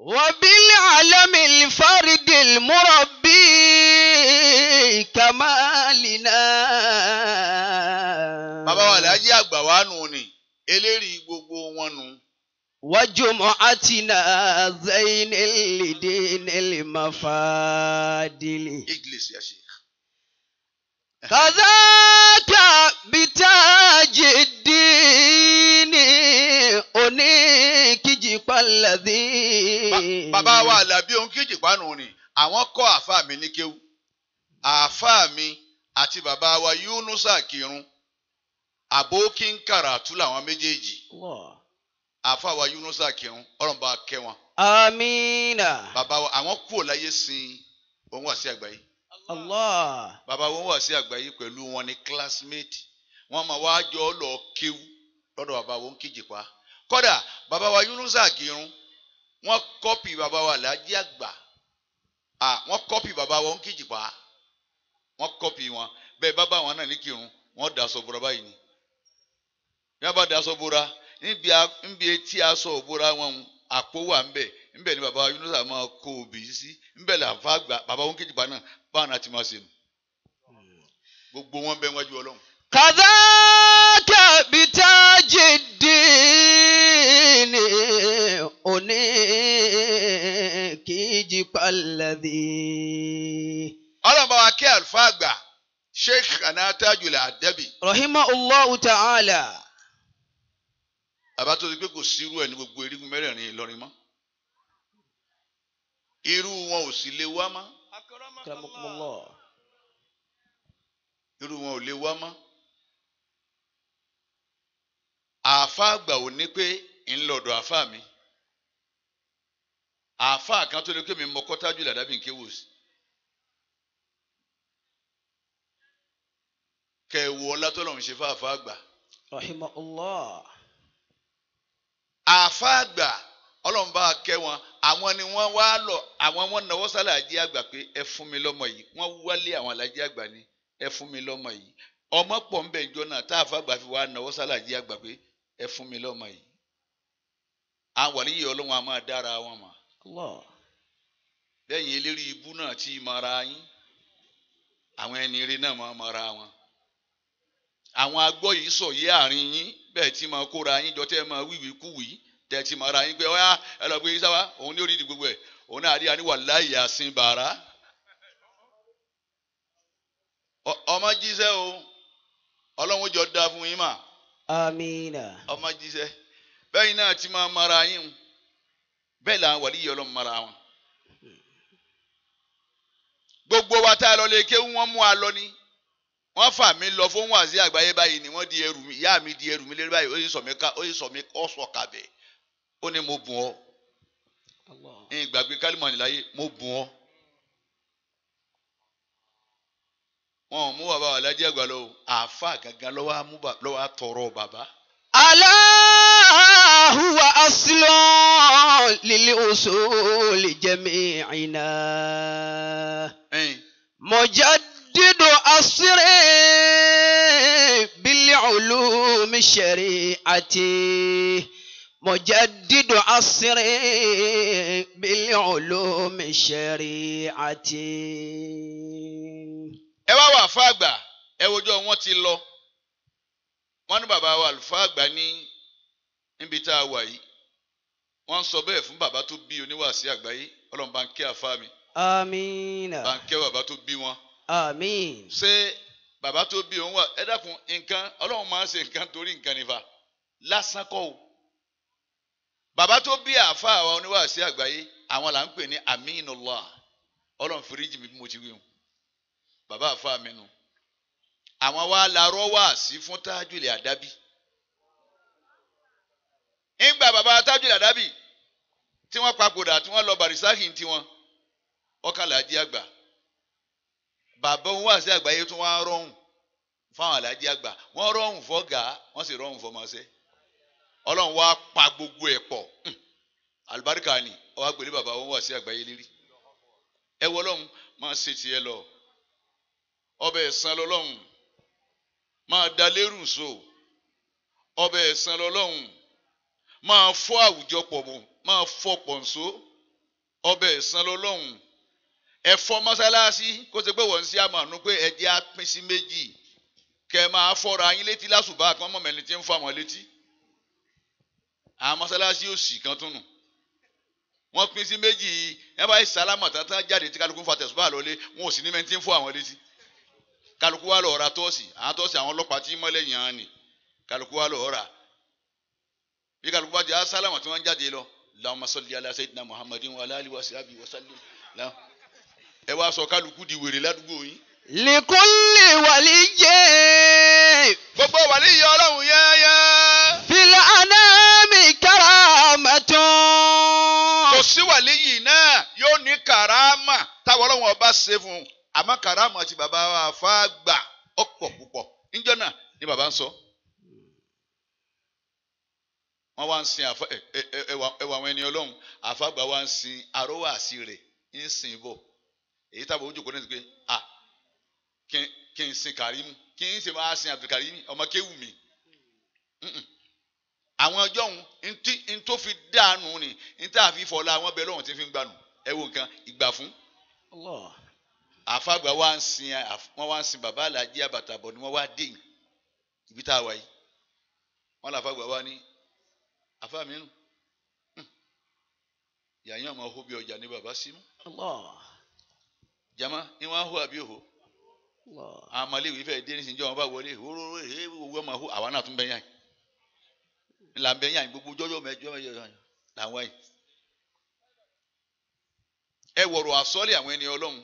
وبالعلم الفرد المربي كمالنا bàbá wa Alhaji àgbà wa nù ni eléyìí وجمعتنا زين الدين المفادل. English يا شيخ. كذاك بتاج الدين jìpá làdí. bàbá wa làbí òun kí jìpá nù ni àwọn kọ́ àfa mi ní kéwú àfa mi àti bàbá wa Yunusa Kirun kàrà kàràtú làwọn méjèèjì àfa wa Yunusa Kirun ọlọ́mọba kẹwọn. wọn. amiina. bàbá wa àwọn kúrò láyé sin òun wà sí àgbáyé. Allah. Bàbá wọn wà sí àgbáyé pẹ̀lú wọn ní classmate. Wọ́n máa wá jọ lọ kéwú lọ́dọ̀ bàbá wọn kíjì pa. kódà bàbá wa yunusa kírun wọn kọ́pì bàbá wa làájì àgbà wọ́n bàbá wọn kìjìpá wọ́n kọ́pì wọn bẹ́ẹ̀ bàbá wọn náà ní kírun wọ́n da aṣọ báyìí ni yàrá bá da aṣọ níbi etí aṣọ wọn àpò wà ńbẹ ńbẹ ni bàbá yunusa máa kó sí ńbẹ gbà bàbá wọn kìjìpá náà báwọn náà ti máa ṣe nù gbogbo wọn ni òní kì í jí kí àlùfáà àgbà sheikh anatajul adabi. rahima allahu ta'ala. àbá tó ti pé kò sírú ẹ̀ ní gbogbo erigun mẹ́rẹ̀ẹ̀rin Ìlọrin mọ́ irú wọn ò sì lè wá mọ́ irú wọn ò lè wá mọ́ àáfàá àgbà ò ní pé ńlọdọ̀ àáfàá mi àáfàá kan tó lè kémi mọ kọ́tájú làdábì ń kéwò sí. kẹwò ọlátọ́lọ́run ṣe fáfá àgbà. rahimahullah. àfá àgbà ọlọ́run bá kẹ́ wọn àwọn ni wọ́n wá lọ àwọn wọn náwó sálà ajé àgbà pé ẹ fún mi lọ́mọ yìí wọ́n wálé àwọn alájẹ àgbà ni ẹ fún mi lọ́mọ yìí ọmọ pọ̀ ń bẹ̀ jọ náà tá àfá àgbà fi wá náwó sálà ajé àgbà pé ẹ fún mi lọ́mọ yìí àwàlíyè ọlọ́run a ma dara wọn mà. lẹ́yìn eléré ibu naa tí mara yín àwọn ẹni naa ma mara wọn. àwọn agbọ́ yìí sọ yi àárín yín bẹ́ẹ̀ tí máa kóra yín jọ tẹ́ ẹ máa wíwì kúwì ti mara yín pé ọ́yá ẹ lọ gbé yín sáwá òun ní orídìí gbogbo ẹ̀ òun náà àríyá ní wàláhì yàsín bàrá. ọmọ jíṣẹ́ o ọlọ́run jọ da fún yín mà. àmín. ọmọ jíṣẹ́. bẹ́ẹ̀ náà ti máa mara yín bẹ́ẹ̀ làwọn wàlíyé ọlọ́run mara wọn. gbogbo wa tá a lọ lè ké wọ́n mú a lọ ni wọ́n fà mí lọ fún wàzí àgbáyé báyìí ni wọ́n di ẹrù mi ìyá mi di ẹrù mi lérí báyìí ó sì sọ mí ká ó sì sọ mí ó ní mo bùn ọ́ ní ìgbàgbé kálímọ̀nì láyé mo bùn ọ́. wọn mú bàbá wa lájẹ́ àgbà lọ àáfàá gangan lọ́wọ́ á tọrọ bàbá. ألا هو أصل للأصول جميعنا مجدد أصر بالعلوم الشريعة مجدد أصر بالعلوم الشريعة ẹ wá wà fún àgbà ẹ wojú wọn ti lọ wọ́n ní bàbá wa àlùfáà àgbà ní níbi tá a wà yìí wọ́n sọ bẹ́ẹ̀ fún bàbá tó bí oníwàásí àgbáyé ọlọ́run bá ń kẹ́ àfa mi. amiina. bá ń kẹ́ bàbá tó bí wọn. amiin. ṣé bàbá tó bí òun wà ẹ dákun nǹkan ọlọ́run máa ń ṣe nǹkan torí nǹkan nìfà lásán kọ́ o. bàbá tó bí àfa àwa oníwàásí àgbáyé àwọn là ń pè ní aminullah ọlọ́run fìríjì mi bí mo ti wí hùn bàbá àfa mi nù. No àwọn wa larọ́ wà sí fún tájúlẹ̀ àdábì ńgbà bàbá tájúlẹ̀ àdábì tí wọ́n papòdà tí wọ́n lọ bàrísáhìn tiwọn ọkàlà ajé àgbà bàbá òun wà sí àgbáyé tó wọ́n rọrùn fáwọn alájí àgbà wọ́n rọrùn fọ́gà wọ́n sì rọrùn fọmọṣẹ́ ọlọ́run wá pa gbogbo ẹ̀ pọ̀ hmm. àlùbáríkà ni ọwọ́ àgbèlé bàbá òun wà sí àgbáyé lérí ẹ wọ ọlọ́run máa ṣe tiẹ̀ lọ ọbẹ̀ ẹ̀sán lọ́lọ́run máa da lérù so ọbẹ̀ ẹ̀san lọ́lọ́run máa fọ́ àwùjọ pọ̀ bò máa fọ́ pọ̀nso ọbẹ̀ ẹ̀san lọ́lọ́run ẹ̀fọ́ mọ́sálásí kó ṣe pé wọ́n ń ṣe àmàánú pé ẹ̀jẹ̀ á pín sí méjì kẹ́ ẹ máa fọ́ra yín létí lásùbà kí wọ́n mọ̀mọ́ ẹni tí ń fọ́ àwọn létí àwọn mọ́sálásí òsì kan tún wọ́n pín sí méjì yìí ẹ bá yìí sálámà tán tán jáde tí kálukú fa tẹ̀sùbà lọ́lé wọn ò sì ní mẹ́ni tí ń fọ́ àwọn létí. Kaluku wa lọ ra tọ́ọ̀sì àwọn tọ́ọ̀sì àwọn ọlọ́pàá tí mọ́lẹ̀ yàn án ni kálukú wa lọ ra bí kálukú wa jẹ́ asálàmù tí wọ́n jáde lọ làwọn masọ́lì ala sayyidina muhammadin wa aláàlí wa sábì wa sálù ẹ wá sọ kálukú di wèrè ládùúgbò yín. likulli wàlí jẹ́. gbogbo wàlí yẹ ọlọ́run yẹ́yẹ́. fil anami karamatun. kò sí wàlí yìí náà yóò ní karama táwọn ọlọ́run ọba ṣe fún un àmọ́ kàràmù àti bàbá wa fàgbà ọ̀pọ̀ púpọ̀ níjọ́ náà ni bàbá ń sọ. wọ́n wá ń sin ẹwà àwọn ẹni ọlọ́run àfàgbà wá ń sin aróhàsí rẹ̀ ń sin bọ̀ èyí tábà ó jòkó náà ti pé a kí n sin Kàrímù kí n sì máa sin Abdulkarim ọmọ kéwù mi àwọn ọjọ́ òun ntó fi dáànù ni ntá àfi fọlá àwọn bẹ́ẹ̀ lọ́wọ́n ti fi ń gbanù ẹ wo nǹkan ìgbà fún. Allah àfàgbà wa ń sin wọn wá ń sin bàbá àlàjì àbàtàbọ̀ ni wọ́n wá dé yìí ibi tá a wà yìí wọ́n làfàgbà wa ní àfàmì nù hmm. yàyàn ọmọ ọhún bí ọjà ní bàbá sí mú. jama ni wọn á hó àbí òhó àwọn ọmọléèwé fẹ́ẹ́ dé nísìnyí wọn bá wọlé hóró èé wọ́n ọmọ ọhún àwa náà tún bẹ yàn yìí là ń bẹ yàn yìí gbogbo jọjọ mẹjọ mẹjọ làwọn yìí ẹ wọ̀rọ̀ àsọ́lé àwọn ẹni ọlọ́run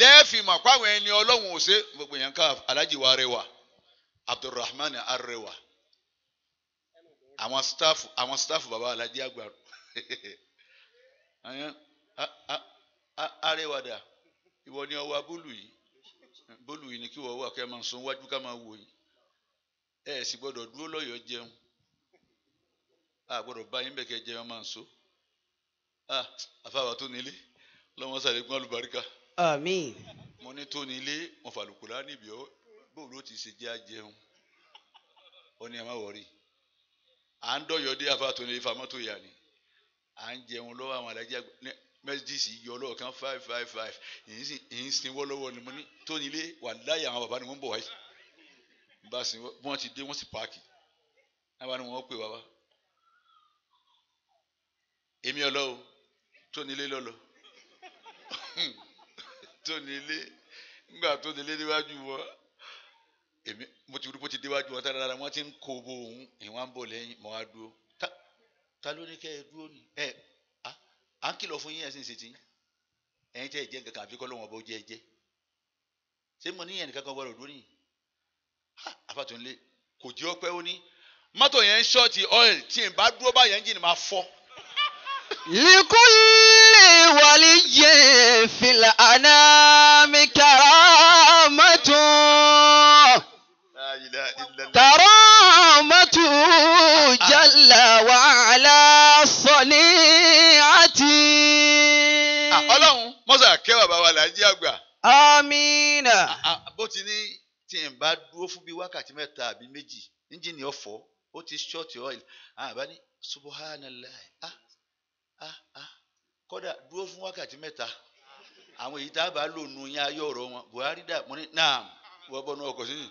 lẹ́ẹ̀fì mà kó àwọn ẹni ọlọ́run ò ṣe gbogbo yẹn ká alájì wa rẹwà abdulrahman arẹwà àwọn staff àwọn staff baba alájì àgbàrò arẹwàdà ìwọ ni ọwọ abúlù yìí bólù yìí ni kí wọ́n wà kẹ́ máa sun wájú ká máa wò yìí ẹ sì gbọ́dọ̀ dúró lọ́yọ̀ọ́ jẹun a gbọ́dọ̀ bá yín bẹ́ẹ̀ kẹ́ jẹun máa so ah, àfàwà tó nílé lọ́wọ́ sàlékún àlùbáríkà àmín. mo ní tóni ilé mo fàlùkù láàrin ibi ọ bóòlù ó ti ṣe jẹ́ àjẹun ó ní ẹ má wọrí à ń dọ̀yọ̀ dé afátóni ifá mọ́tò yà ni à ń jẹun lọ́wọ́ àwọn alájà mercedes yọ ọlọ́ọ̀kan five five five ìyìn sin wọ́lọ́wọ́ ni mo ní tóni ilé wà láyé àwọn bàbá ni wọ́n ń bọ̀ wáyé bá sin wọ́n ti dé wọ́n sì páàkì náà wà wọ́n pè wá wá èmi ọlọ́wọ́ tóni ilé lọ́lọ́. tó nílé nígbà tó nílé níwájú wọn èmi mo ti rí bó ti déwájú wọn tára wọn ti ń kó bo òun ìwọ̀n ń wá dúró ta ló ní ẹ dúró ni ẹ à ń kìlọ̀ fún yín ẹ̀sìn ìsìtì ẹ̀yin jẹ ẹ jẹ́ kankan àfikọ́ lọ́wọ́ bó jẹ́ ẹ ṣé mo níyẹn nìkan kan gbọ́dọ̀ dúró nìyí àfàtúnlé kò jẹ́ ọpẹ́ ó ní mọ́tò yẹn ń ṣọ́ọ̀tì ولي في الأنام كرامته كرامته جل وعلا صنيعتي ọlọ́run mọ́sà ah, ah, ah, dúró fún bíi wákàtí mẹ́ta àbí méjì níjìnì ọ̀fọ́ ó ti ṣọ́ọ̀tì ọ̀ìlì àbá ní subhanallah ah ah ah. kódà dúró fún wákàtí mẹ́ta àwọn èyí tá a bá lò nù yín ayé ọ̀rọ̀ wọn Buhari dà mo ní naam ọkọ̀ sí yìí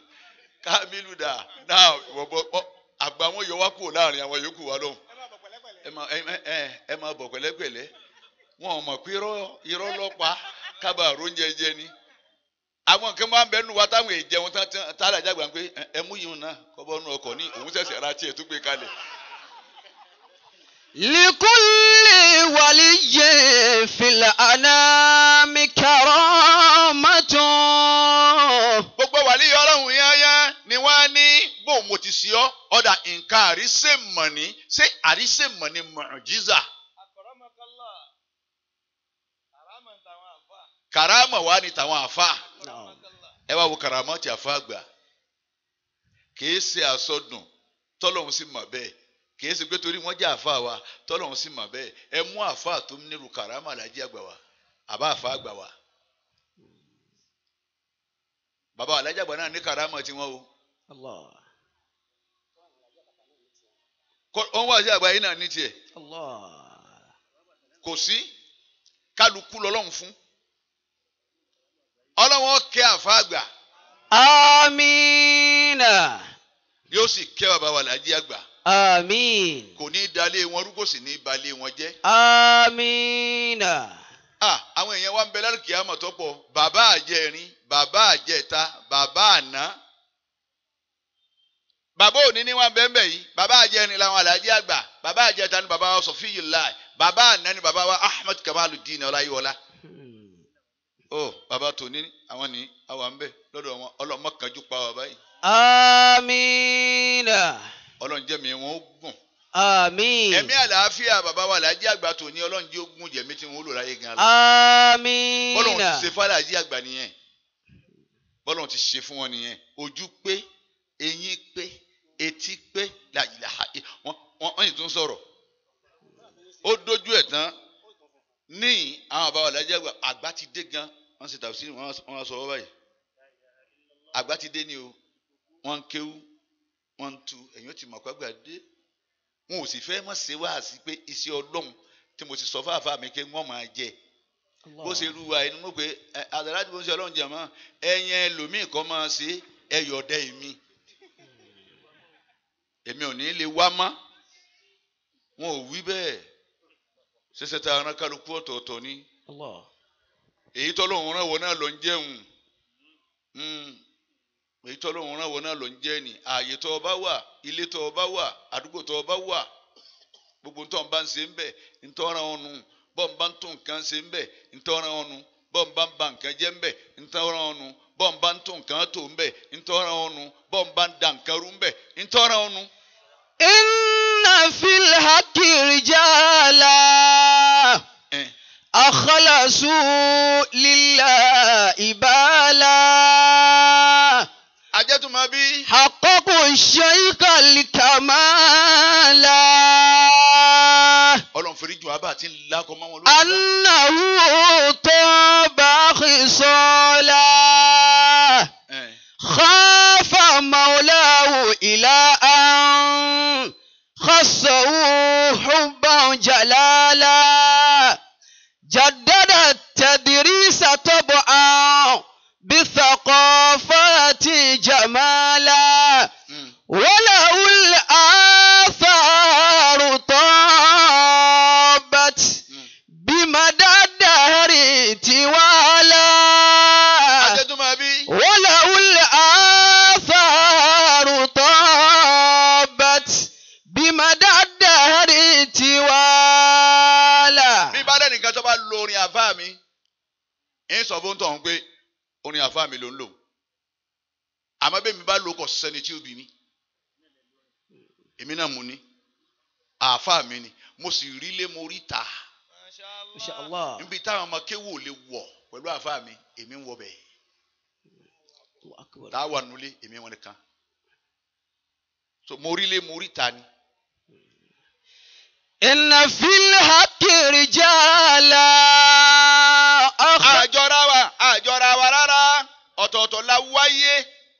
Kamilu dà láàrin àwọn yòókù wa lọ́hùn ẹ máa bọ̀ pẹ̀lẹ́pẹ̀lẹ́ wọn ò mọ̀ àwọn ń nù táwọn èèjẹ wọn pé náà ọkọ̀ ní òun tiẹ̀ لكل ولي في anami karamatun. gbogbo wàlíyọ ọlọ́run yẹ́yẹ́ ni wọ́n ní bóun mo ti sí ọ ọ̀dà nǹkan àrísèmọ̀ni ṣé àrísèmọ̀ni mọ̀jíza. karama wa ni tàwọn àfa ẹ wá wo karama ti àfa gbà kì í ṣe àsọdùn tọ́lọ́hún sì mọ̀ bẹ́ẹ̀. kì í pé torí wọn jẹ wa tọ́lọ́run sì mà bẹ́ẹ̀ ẹ mú àfa tó nírú karama làjí àgbà wa àbá àfa àgbà wa bàbá alájà gbà náà ní karama tiwọn o. Allah. ó wá sí àgbà yìí náà ní tiẹ̀. kò sí kálukú lọ́lọ́run fún Àmín. Kò ní dalé wọn rú kò sì ní balé wọn jẹ́. Àmín. À àwọn èèyàn wa ń bẹ lálùkì àmọ̀ tó pọ̀ bàbá àjẹrin bàbá àjẹta bàbá àná. Bàbá òní ni wọ́n bẹ́ẹ̀ bẹ́ẹ̀ yìí bàbá àjẹrin làwọn àlàájì àgbà bàbá àjẹta ni bàbá wa Sọfíyùláì bàbá àná ni bàbá wa Ahmed Kamaludin Ọláyíwọlá. Ó hmm. oh, bàbá tòní àwọn ni àwọn ń bẹ lọ́dọ̀ wọn ọlọ́mọ pa bàbá yìí. Àmín ọlọ́run jẹ́mi wọn ó gùn. àmín. ẹ̀mí àlàáfíà bàbá wa làájí àgbà tó ní ọlọ́run jẹ́ ogun jẹ̀mí tí wọ́n lò láyé gan la. bọ́lọ̀hún ti ṣe fàlàjí àgbà nìyẹn bọ́lọ̀hún ti ṣe fún wọn nìyẹn ojú pé eyín pé etí pé wọ́n yìí tún sọ̀rọ̀ ó dojú ẹ̀ tán ní àwọn bàbá wa làájí àgbà ti dé gan wọ́n ṣe tàbí sí wọn sọ wọ́n báyìí àgbà ti dé ni o wọ́n kéwú wọ́n ń tu èyàn ti mọ̀ pẹ́gbà dé wọn ò sì fẹ́ mọ̀ ṣe wá sí pé iṣẹ́ ọlọ́run tí mo sì sọ fáfá mi kí wọ́n máa jẹ bó ṣe lu wa ẹni pé àdàlá tí mo ń ṣe ọlọ́run jẹ̀mọ́ ẹ̀yìn ẹlòmíì kan máa ṣe ẹ̀yọ̀dẹ́ mi èmi ò ní lè wá mọ́ wọn ò wí bẹ́ẹ̀ ṣẹṣẹ ta ara kálukú ọ̀tọ̀ọ̀tọ̀ ni èyí tọ́lọ́run rán wọn náà lọ ń jẹun. Hmm èyí tó lóun rán náà ló ń jẹ́ ni ààyè tó o wà ilé tó o wà àdúgbò tó o wà gbogbo ntọ́ nbà ń ṣe ń bẹ̀ ntọ́ran ọ̀nù bọ́ nbà ń tún nǹkan ṣe ń bẹ̀ ntọ́ran ọ̀nù bọ́ nbà ń ba nǹkan jẹ́ ń bẹ̀ ntọ́ran ọ̀nù bọ́ nbà ń tún nǹkan tó ń bẹ̀ ntọ́ran ọ̀nù bọ́ nbà ń da nǹkan rú ń bẹ̀ ntọ́ran ọ̀nù. inna fil haqi rijala akhlasu lillahi ibala hajatu ma bi. àkókò ṣayíkà litamala. ọlọ́run fèrè jù abá àti lakọ mọ́ wọn lórí. anáwó tó bá kì sọ́la. khafa maulahu ilá an khasawu hubban jala. mi ló ń lò àmọ́ bẹ́ẹ̀ mi bá lò kọ̀ sẹ́ni tí ó bí mi èmi náà mo ní àáfàá mi ni mo sì rí lé mo rí ta níbi táwọn ọmọ kéwò lè wọ̀ pẹ̀lú àáfàá mi èmi ń wọ bẹ́ẹ̀ táwa nulẹ̀ èmi wọn nìkan so mo rí lé mo rí ta ni. inna fil haqqi rijala. ọ̀tọ̀ọ̀tọ̀ la wáyé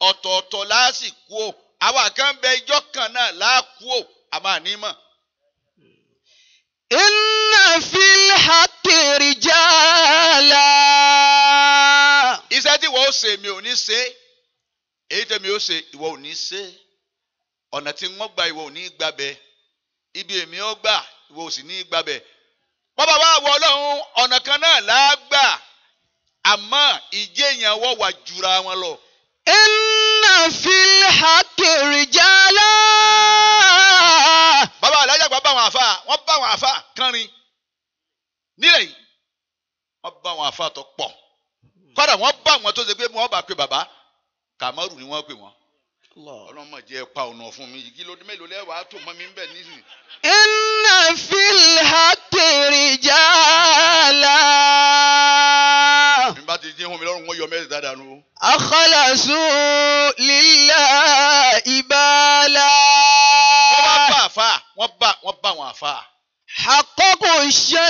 ọ̀tọ̀ọ̀tọ̀ la sì kú o àwa kan bẹ ijọ́ kan náà la kú o àmọ́ ní mọ̀. inna fil haqqi rijala. iṣẹ́ tí ìwọ ó ṣe mi ò ní ṣe èyí tẹ̀mí ó ṣe ìwọ ò ní ṣe ọ̀nà tí wọ́n gba ìwọ ò ní gbàbẹ̀ ibi èmi ó gbà ìwọ ò sì ní gbàbẹ̀ bọ́bá wa wọ ọlọ́run ọ̀nà kan náà la gbà. àmọ́ ìjẹyàn wọ wà jura wọn lọ. inna fil haqqi rijala. bàbá alájà gba bá wọn àfa wọn bá wọn àfa kánrin nílẹ̀ yìí wọ́n bá wọn àfa tó pọ̀ kódà wọ́n bá wọn tó ṣe pé wọ́n bá pe bàbá kàmárù ni wọ́n pè wọ́n ọlọ́mọ jẹ́ pa ọ̀nà fún mi kí ló dé mélòó lẹ́wàá tó mọ́ mi ń bẹ̀ nísìnyí. inna fil haqqi rijala. dànù. akhlasu lillahi bala. wọ́n bá àfa wọ́n bá wọ́n bá wọn àfa. àkókò ṣe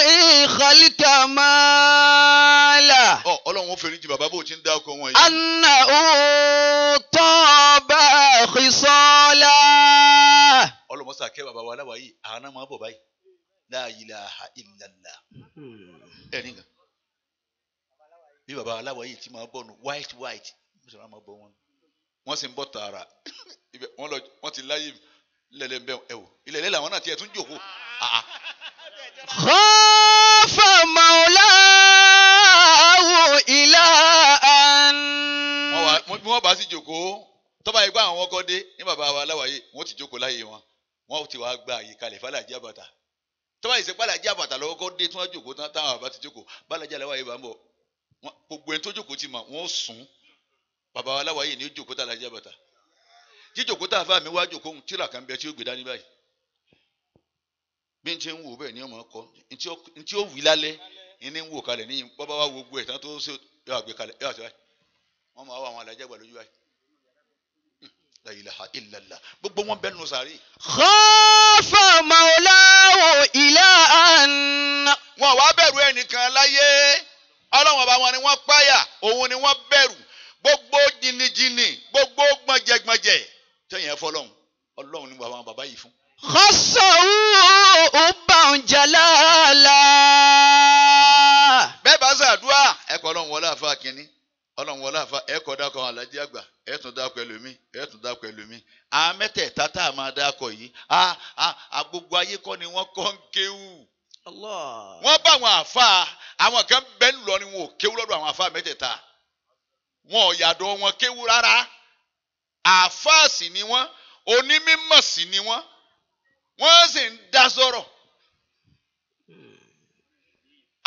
khalika mala. ọ ọlọ́run ó fèrè jù bàbá bó ti ń dá ọkọ wọn yìí. anna ó tọ́ bá khisala. ọlọ́mọ́sá kẹ́ bàbá wa aláwa yìí àánà máa bọ̀ báyìí la ilaha illallah. Hmm. ẹ̀rín kan bí baba aláwọ̀ yìí ti máa bọ̀ white white mo sì máa ma bọ̀ wọn. sì ń bọ̀ tààrà wọ́n ti láyé lẹ́lẹ́ bẹ́ẹ̀ ẹ̀ wò ilẹ̀ lẹ́lẹ́ àwọn náà tiẹ̀ tún jòkó. kọ́fà màláwù ilá àn. bí wọ́n bá sì jòkó tọ́ba yìí gbọ́ àwọn ọkọ dé ní baba aláwọ̀ yìí wọ́n ti jòkó láyé wọn wọ́n ti wá gba àyíkalẹ̀ fàlàjì àbàtà tọ́ba yìí sẹ́ pàlàjì àbàtà lọ́wọ́ kọ́ dé tí wọ́n jòkó táwọn àbá ti jòkó bàlàjì àlẹ́wà yìí bá ń bọ̀ gbogbo ẹni tó jókòó ti mọ̀ wọ́n sùn bàbá wa aláwa yìí ní jókòó tá a lajẹ bàtà jíjókòó tá a fà mí wá jókòó ń tíra kan bẹ tí ó gbé dání báyìí bí n ṣe ń wò bẹ́ẹ̀ ni ọmọ kọ n tí ó wí lálẹ́ ní ń wò kalẹ̀ ní bàbá wa wo gbogbo ẹ̀ tán tó ṣe yọ àgbẹ̀ kalẹ̀ yọ àti báyìí wọ́n máa wá àwọn alájà gbà lójú báyìí la ilaha illallah gbogbo wọn bẹ nù sàárè. kọ́fà màláwò ìlà àná. wọn wá bẹ̀rù ẹnìkan láyé ọlọ́run ọba wọn ni wọ́n páyà òun ni wọ́n bẹ̀rù gbogbo jìnnìjìnnì gbogbo gbọ̀njẹ̀gbọ̀njẹ̀ tẹ̀yìn ẹ̀fọ́ ọlọ́run ọlọ́run ni bàbá bàbá yìí fún. kọ́sọ̀ọ́ ó bá ń jalá la. bẹ́ẹ̀ bá ṣàdúrà ẹ̀kọ́ ọlọ́run wọlé àfa kínní ọlọ́run wọlé àfa ẹ̀kọ́ dákọ̀ alájí àgbà ẹ̀tún dákọ̀ ẹlòmíì ẹ̀tún dákọ̀ ẹlòmíì àmẹ́tẹ̀ẹ̀ta tá a máa dákọ̀ yìí a ayé kọ́ ni wọ́n kọ́ ń kéwù Allah. wọ́n bá àwọn àáfàá àwọn kan bẹ́ẹ̀ ń lọ ni wọn ò kéwú lọ́dọ̀ àwọn àáfàá mẹ́tẹ̀ẹ̀ta wọn ò yàdọ̀ wọn kéwú rárá àáfàá sì ni wọ́n onímọ̀ sì ni wọ́n wọ́n sì ń dá sọ̀rọ̀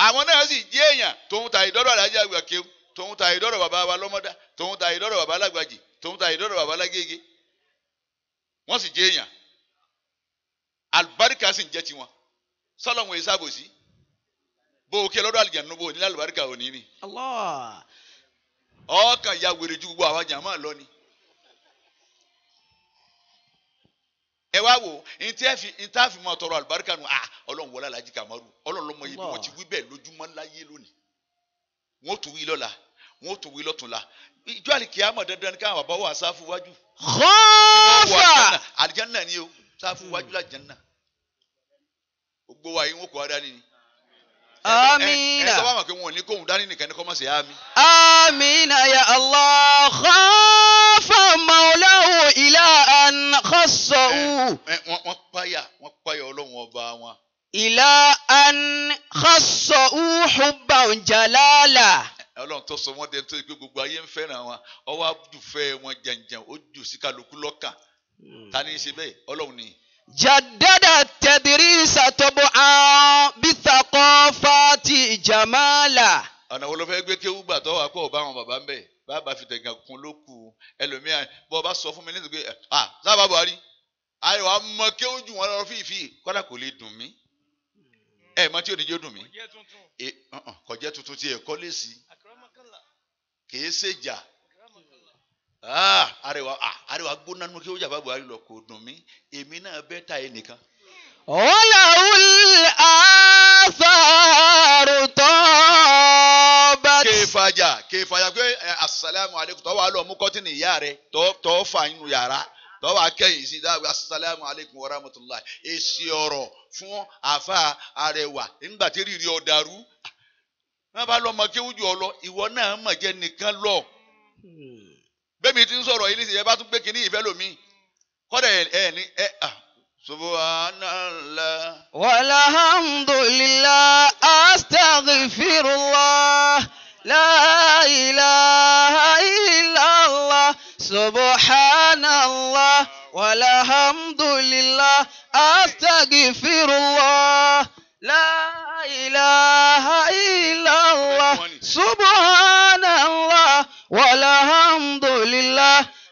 àwọn náà sì jẹ́ èèyàn tòun ta ìdọ́rọ̀ alájà àgbà kéwú tòun ta ìdọ́rọ̀ bàbá wa lọ́mọdá tòun ta ìdọ́rọ̀ bàbá alágbàjì tòun ta ìdọ́rọ̀ bàbá alágége wọ́n sì jẹ́ èèyàn àlùbáríkà sì ń jẹ́ tiwọn sọlọ́hún ẹ̀ sábòsí bó o kí ẹ lọ́dọ̀ àlìjànú bó o nílẹ̀ àlùbáríkà ò ní ni. ọkàn ya wèrè ju gbogbo àwọn jàmáà lọ ni. ẹ wá wò ntí ẹ fi ntí a fi mọ tọrọ àlùbáríkà nù ah ọlọ́run wọlé alájí kàmárù ọlọ́run lọ́mọ yìí bí wọ́n ti wí bẹ́ẹ̀ lójúmọ́ láyé lónìí wọ́n tún wí lọ́la wọ́n tún wí lọ́túnla ìjọ àlìkíyàmọ̀ dandan káwọn bàbá wà sáfù wájú. kọ́ọ̀fà àlìjáná ni o sáfù wájú gbogbo wa yìí wọn kò wá dání ni. amina ẹ sọ fún àwọn akéwọn ní kóhùn dání nìkan ní kọ́ mọ̀ sí àmì. amina ya Allah khafa maulahu ila an khassahu. wọ́n páyà wọ́n páyà ọlọ́run ọba wọn. ila an khassahu hubban jalala. ọlọ́run tó sọ wọ́n dé tó pé gbogbo ayé ń fẹ́ràn wọn ọwọ́ àjùfẹ́ wọn jàǹjàǹ ó jù sí kálukú lọ́kàn ṣe bẹ́ẹ̀ ọlọ́run nìyí. جدد التدريس طبعا بثقافات جمالا ọ̀nà wo ló fẹ́ gbé kéwú gbà tọ́wọ́ àpò ọba àwọn bàbá ń bẹ̀ bàbá fi tẹ̀gàn kun ló kù ẹlòmíràn bọ́ ọba sọ fún mi nítorí pé ah sábà Buhari ayọ̀ wa mọ kéwú jù wọ́n lọ fífi kọ́dà kò lè dùn mí ẹ̀ mọ tí oníjó dùn mí kọjẹ́ tuntun tí ẹ̀ kọ́ lè sí kì í ṣèjà Ah, ah, àríwá gbóná nínú kí ó Buhari lọ kò dùn mí èmi náà bẹ́ ta ẹnìkan. ọ̀làwùl àṣàrò tán bá. kéfàjà kéfàjà pé eh, asalaamu aleykum tọ́wọ́ àlọ́ mú kọ́tìnì ìyá rẹ tọ́ fà yàrá tọ́wọ́ akẹ́yìn sí dáàbò Alekun èsì ọ̀rọ̀ fún àfa àrẹwà nígbà tí rírì wọ́n bá ọ lọ ìwọ náà mọ̀ hmm. bẹ́ẹ̀mi ti ń sọ̀rọ̀ yìí nísìnyẹn bá tún gbé kínní ìfẹ́ lomi kọ́dà ẹ̀ ní ẹ̀ à subhanallah. walhamdulillah astaghfirullah la ilaha illallah subhanallah walhamdulillah astaghfirullah la ilaha illallah subhanallah walhamdulillah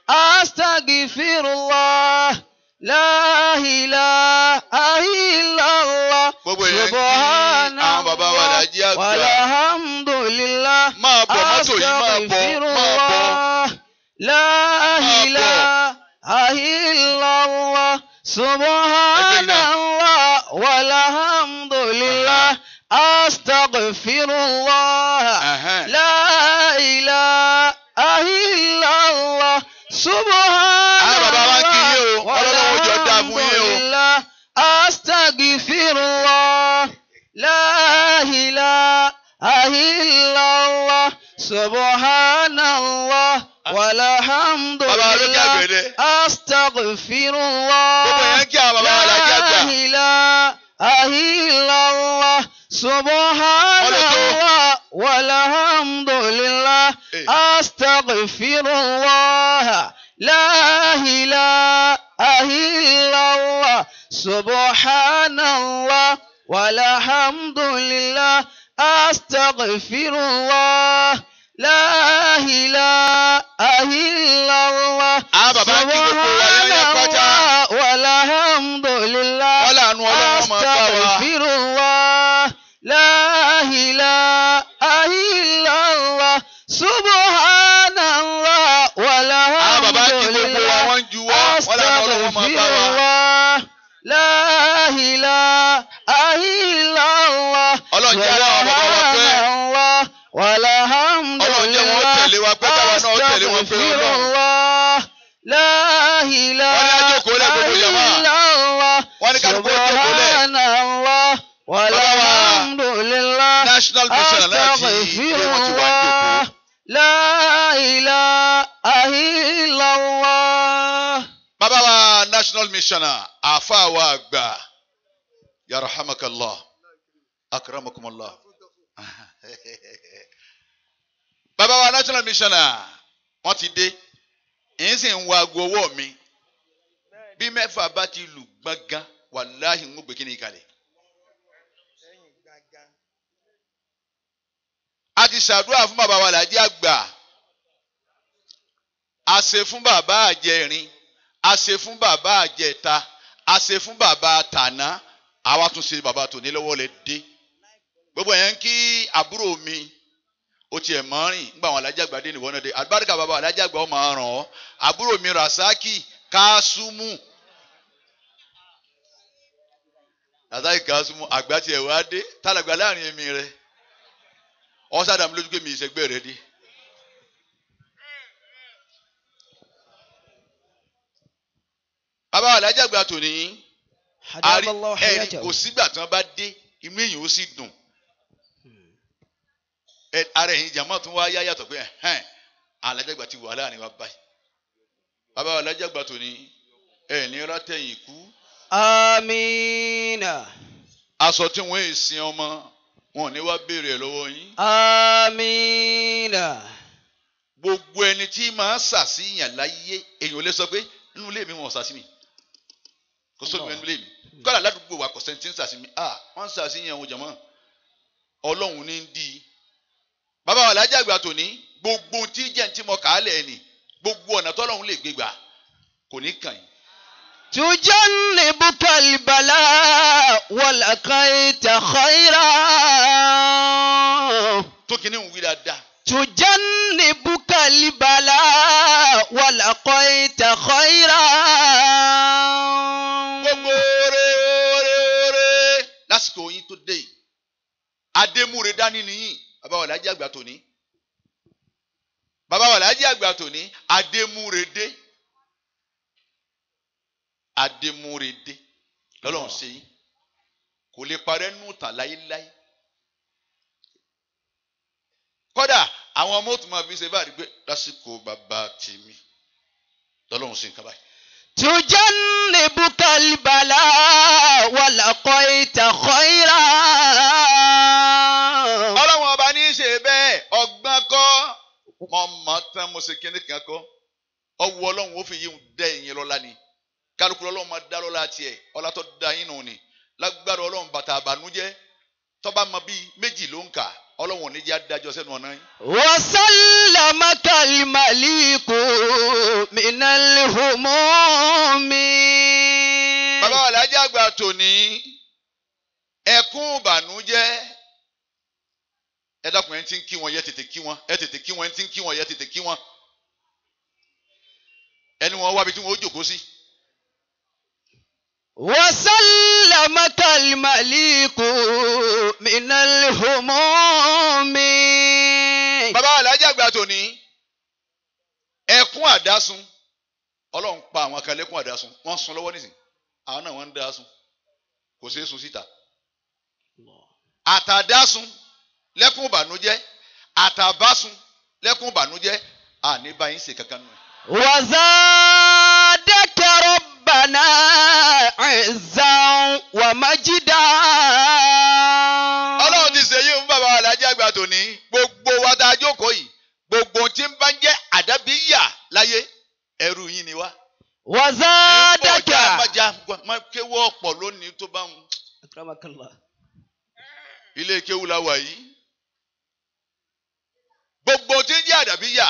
astaghfirullah la ilaha illallah gbogbo ìyẹn kí àwọn bàbá wa là jí àgbà walhamdulillah máa bọ̀ mọ́tò yìí máa bọ̀ máa bọ̀ la ilaha illallah subhanallah walhamdulillah astaghfirullah la ilaha illallah subhanallah. àwọn ah, bàbá wa kì í o ọlọ́run ojú ọ̀dà fún yín o. astaghfirullah la ilaha illallah subhanallah walhamdulillah astaghfirullah la ilaha illallah subhanallah ah. walhamdulillah astaghfirullah. لا إله إلا الله سبحان الله ولا حمد لله أستغفر الله لا إله إلا الله آه، سبحان الله ولا حمد لله أستغفر الله لا إله إلا الله سبحان الله حمد astaghfirullah la ilaha illallah subhanallah wala hamdulillah astaghfirullah la ilaha illallah subhanallah wala hamdulillah astaghfirullah la ilaha illallah. bàbá wa national missioner àfa wa àgbà yarahamakallah akramakumallah bàbá wa national missioner wọ́n ti dé èyí sì ń wo aago mi bí mẹ́fà bá ti lù gbọ́ngàn wàláhì ń gbé kíni kalẹ̀. a ti ṣàdúrà fún bàbá wa làjí àgbà a ṣe fún bàbá àjẹrin a ṣe fún bàbá àjẹta a ṣe fún bàbá tàná àwa tún ṣe bàbá tòní lọ́wọ́ lẹ dé gbogbo yẹn kí àbúrò mi o tiẹ̀ mọ́ rìn nígbà àwọn alájàgbà dé nìwọ́n náà dé àbáríkà bàbá alájàgbà ọmọ ràn ọ́ àbúrò mi rasaki kásúmù rasaki kásúmù àgbà tiẹ̀ wá dé tálàgbà láàrin èmi rẹ ọ́ sádàmú lójú pé mi ìṣègbè rẹ dé. bàbá wa lájàgbà tòní ẹ̀rí kò sígbà tí wọ́n bá dé inú èyàn ó sì dùn ara ẹ̀yìn jàmọ́ tún wá yá yàtọ̀ pé ẹ̀hẹ́n alájàgbà ti wà láàrin wa báyìí bàbá wa lájàgbà tòní ẹ̀ ní rátẹ̀yìn kú. amiina. aṣọ tí wọ́n ń sin ọmọ wọn ò ní wá béèrè lọ́wọ́ yín. amiina. gbogbo ẹni tí máa ń sàṣìyàn láyé èèyàn ò lè sọ pé inú ilé mi wọn ò sàṣìyàn kò sóbi ẹnu lémi kọ́lá ládùúgbò wa kò sẹ́ni tí ń sàṣìmí à ah, wọ́n ń sàṣìyàn ohun jẹ̀mọ́ ọlọ́run ní ń di bàbá wa lájà àgbà tòní gbogbo tí jẹ́ ní tí mo kà á lẹ̀ ni gbogbo ọ̀nà tọ́lọ́run lè gbé gbà kò ní kàn yín. tujọ́ ní bukálíbalá wàlàkàìtà kọ́ira. tó kìíní ń wí dáadáa. tujọ́ ní bukálíbalá wàlàkàìtà kọ́ira. adémúre dání nìyí bàbá wa làájì àgbà tòní bàbá wa làájì àgbà tòní adémúre dé adémúre dé lọ́lọ́run ṣe yín kò lè parẹ́ nù tàn láéláé kódà àwọn ọmọ òtún máa fi ṣe báyìí pé lásìkò bàbá tèmi lọ́lọ́run ṣe nǹkan báyìí. تجنبك البلاء ولقيت خيرا. ọlọ́run ọba ní í ṣe bẹ́ẹ̀ ọgbọ́n kọ́ mọ mọ tán mo ṣe kíní kan kọ́ ọwọ́ ọlọ́run ó fi yí dẹ́ ìyẹn lọ́la ni kálukú ọlọ́run máa dá lọ́la tiẹ̀ ọlá da yín nù ni lágbára ọlọ́run bàtà àbànújẹ́ tọ́ba mọ bíi méjì ló ń kà á ọlọ́wọ̀n ní jẹ́ adájọ́ sẹ́nu ọ̀nà yín. wàsálàmà kàlímàlíkù mìnàlíhùmọ́mì. bàbá alájà àgbà tòní ẹkún ìbànújẹ́ ẹ dákun ẹ ti ń kí wọn yẹ tètè kí wọn ẹ tètè kí wọn ẹ ti ń kí wọn yẹ tètè kí wọn ẹni wọn wábi tí wọn ó jókòó sí. Si وسلمك المليك من الهموم. بابا لا àgbà tòní ẹkún àdásun ọlọ́run pa àwọn kan lẹ́kún àdásun wọ́n sun lọ́wọ́ nísìn àwọn náà wọ́n ń dásun kò ṣeé sun síta àtàdásun lẹ́kún ìbànújẹ́ àtàbásun lẹ́kún ìbànújẹ́ àníbáyín ṣe kankan nù. wàzà dẹ́kẹ̀rọ̀ lana ẹ̀zán wà májídá. ọlọ́run ti ṣèyí fún bàbá alájí àgbà tòní gbogbo wa tá a jókòó yìí gbogbo tí ń bá ń jẹ́ àdábíyà láyé ẹrú yín ni wá. wàzà dàjà. ẹ bọ́jà má kéwọ́ ọ̀pọ̀ lónìí tó bá ń. ilé kéwù la wà yìí gbogbo tí ń jẹ́ àdábíyà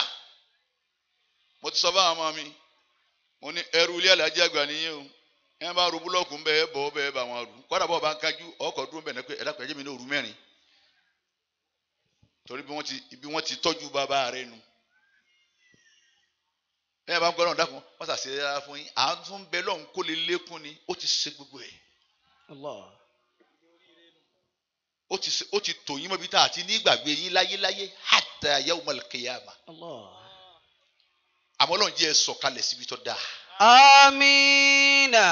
mo ti sọ fún àwọn ọmọ mi mo ní ẹrú ilé alájẹ àgbà nìyẹn o ẹ bá ru búlọ́ọ̀kù ń bẹ ẹ bọ̀ ọbẹ̀ ẹ bá wọn rù kọ́dà bọ́ọ̀ bá ń kájú ọkọ̀ dúró bẹ̀ nẹ́pẹ́ ẹ̀dá pẹ̀lú mi ní òru mẹ́rin torí bí wọ́n ti ibi wọ́n ti tọ́jú bàbá rẹ̀ nu ẹ bá ń gbọ́dọ̀ dákun wọ́n sàṣẹ ara fún yín à ń tún bẹ lọ́hùn kó lè lékún ni ó ti ṣe gbogbo ẹ̀ ó ti tò yín mọ́bi tá àti nígbàgbé yín láyéláyé hatta yawmal qiyamah àmọ́ ọlọ́run jẹ́ sọ̀kalẹ̀ síbi tó dáa. amina.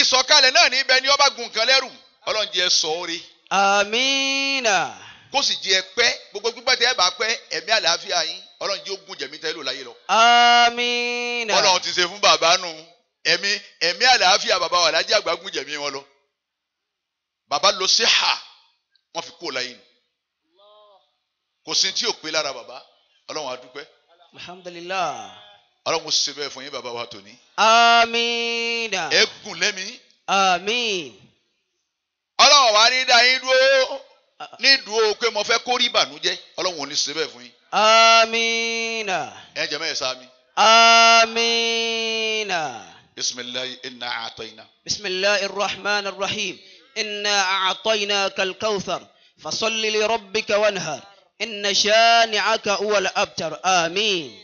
ìsọ̀kalẹ̀ náà ní ibẹ̀ ni ọba gun nǹkan lẹ́rù ọlọ́run jẹ́ sọ orí. amina. kó sì jẹ́ pẹ́ gbogbo gbígbà tẹ́ ẹ bá pẹ́ ẹ̀mí àlàáfíà yín ọlọ́run jẹ́ ogun jẹ̀mí tẹ́ lò láyé lọ. amina. ọlọ́run ti ṣe fún bàbá nù ẹ̀mí ẹ̀mí àlàáfíà bàbá wà lájẹ́ àgbà gun jẹ̀mí wọn lọ. bàbá lọ sí ha wọ́n fi kó láyé nù kò sí tí ò pé lára bàbá ọlọ́run á dúpẹ́. alhamdulillah ọlọ́run ṣe bẹ́ẹ̀ fún yín bàbá wa tòní. amiina. ẹ gùn lẹ́mí. àmín. ọlọ́run wa ní dá yín dúró ah. ní dúró pé mo fẹ́ kó rí ìbànújẹ́ ọlọ́run ò ní ṣe bẹ́ẹ̀ fún yín. amiina. ẹ jẹ́ mẹ́rin sáà mi. amiina. bisimilayi inna a'tayna. bisimilayi rahman rahim inna a'tayna kalkawthar fasolli li rabbika wanhar inna shani'aka huwal abtar amiin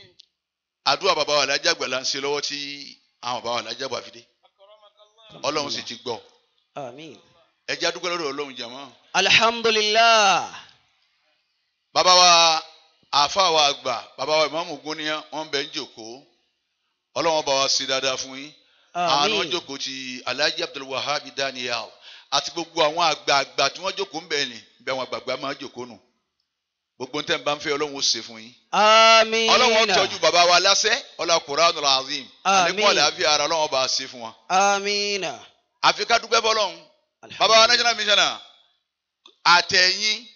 àdúrà bàbá wa lájàgbà là ń ṣe lọ́wọ́ tí àwọn bàbá wa lájàgbà fi dé ọlọ́run sì ti gbọ́ ẹ jẹ́ adúgbò lọ́dọ̀ ọlọ́run jàmọ́. alhamdulillah. bàbá wa àfa wa àgbà bàbá wa ìmáàmù gúnníyàn wọn bẹ ń jòkó ọlọ́run bá wa sí dáadáa fún yín àwọn jòkó ti alhaji abdulwahab daniel àti gbogbo àwọn àgbààgbà tí wọ́n jòkó ń bẹ̀ ni bẹ́ẹ̀ wọn àgbààgbà máa jòkó nù gbogbo ntẹ n bá ń fẹ́ Ọlọ́run ó ṣe fún yín. amiina Ọlọ́run tọ́jú bàbá wa lásẹ ọlá Qur'anul Azim àlékún àlàáfíà ara Ọlọ́run bá ṣe fún wa. amiina. àfi ká dúpẹ́ fọ́lọ́run bàbá wa national mission àtẹ̀yìn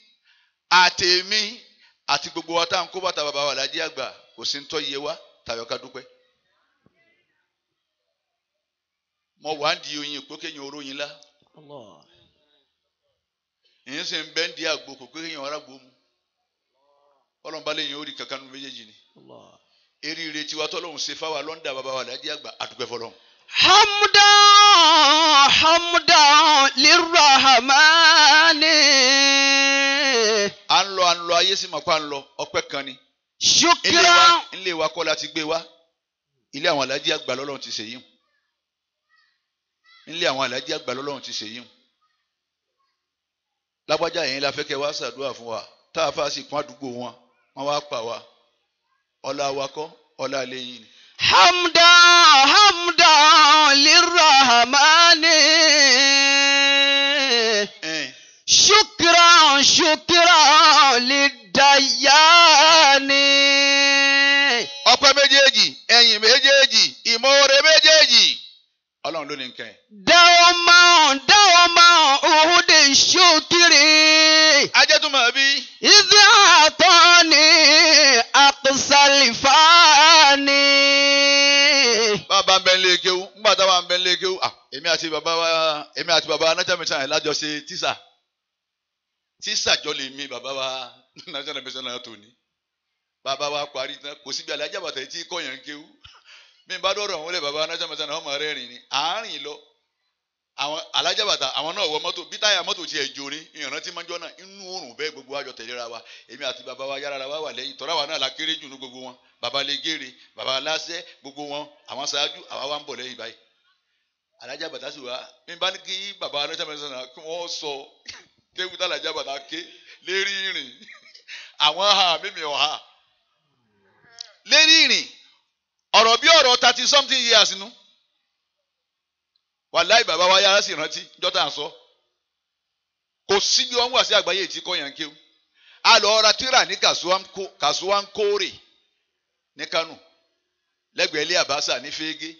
àtẹ̀mí àti gbogbo wa tá à ń kó bàtà bàbá wa làjẹ́ àgbà kò sí ń tọ́ iye wa tàbí ká dúpẹ́. mo wà ń di oyin pé kéèyàn oróyin lá. ìyẹn sì ń bẹ́ ń di àgbo kò kéèyàn arágbó mu ọlọ́run bá léyìn orí kankan nínú méjèèjì ni. eré ìrètí wa tọ́lọ́hún ṣe fáwa lọ́ńdà bàbá wa lájẹ́ àgbà àdúgbò fọlọ́. hamda hamda lirrahamani. à ń lọ à ń lọ ayé sì mọ̀ pé à ń lọ ọpẹ́ kan ni. ṣùkúrà ilé wa kọ́ la ti gbé wa ilé àwọn alájẹ́ àgbà lọ́lọ́run ti ṣèyí nílé àwọn alájẹ́ àgbà lọ́lọ́run ti ṣèyí lágbájá yẹn la fẹ́ kẹ́ wá ṣàdúrà fún wa tá a fà á sì kún àdúgbò wọn wọ́n wá pa wá ọlá wa ọlá lẹ́yìn ni. hamda hamda lirahmani shukra Shukran, lidayani. ọpẹ́ méjèèjì ẹyìn méjèèjì ìmoore méjèèjì ọlọ́run ló ní nǹkan ẹ̀. dáwọ́ máa dáwọ́ máa òhun dè ṣó ajẹ́tùmọ̀ bí. ìdí àti bàbá wa èmi àti bàbá anájà mẹ́sàn án lájọṣe tíṣà tíṣà jọ lè mi bàbá wa anájà mẹ́sàn án tó ní bàbá wa parí tán kò síbi àlẹ́ ajábàtà tí kọ̀yàn ń kéwú mi bá dọ̀rọ̀ àwọn ilé bàbá anájà mẹ́sàn án ọmọ rẹ̀ rìn ní àárín lọ àwọn alájàbàtà àwọn náà wọ mọ́tò bí táyà mọ́tò tiẹ̀ jórí ìrántí mọ́jọ́ náà inú oòrùn bẹ́ẹ̀ gbogbo àjọ tẹ̀léra wa èmi àti bàbá wa yára wa wà lẹ́yìn tọ́ra wa náà la kéré jù ní gbogbo wọn bàbá lè gèrè bàbá aláṣẹ gbogbo wọn àwọn aṣáájú àwa wa ń bọ̀ lẹ́yìn báyìí Alajabata bàtà sì wá mi bá ní kí bàbá alájà bàtà sọ̀nà kí wọ́n sọ kéwù tá ké lérí ìrìn àwọn ha mímì ọ̀ha lérí ìrìn ọ̀rọ̀ bí ọ̀rọ̀ thirty something years nu wàláì bàbá wa yára sì rántí jọ́tà sọ kò sí bí wọ́n wà sí àgbáyé tí kọ́ yàn kéwù a lọ ra tíra ní kasuwa ní Kánò lẹ́gbẹ̀ẹ́ ilé àbáṣà ní fẹ́gẹ́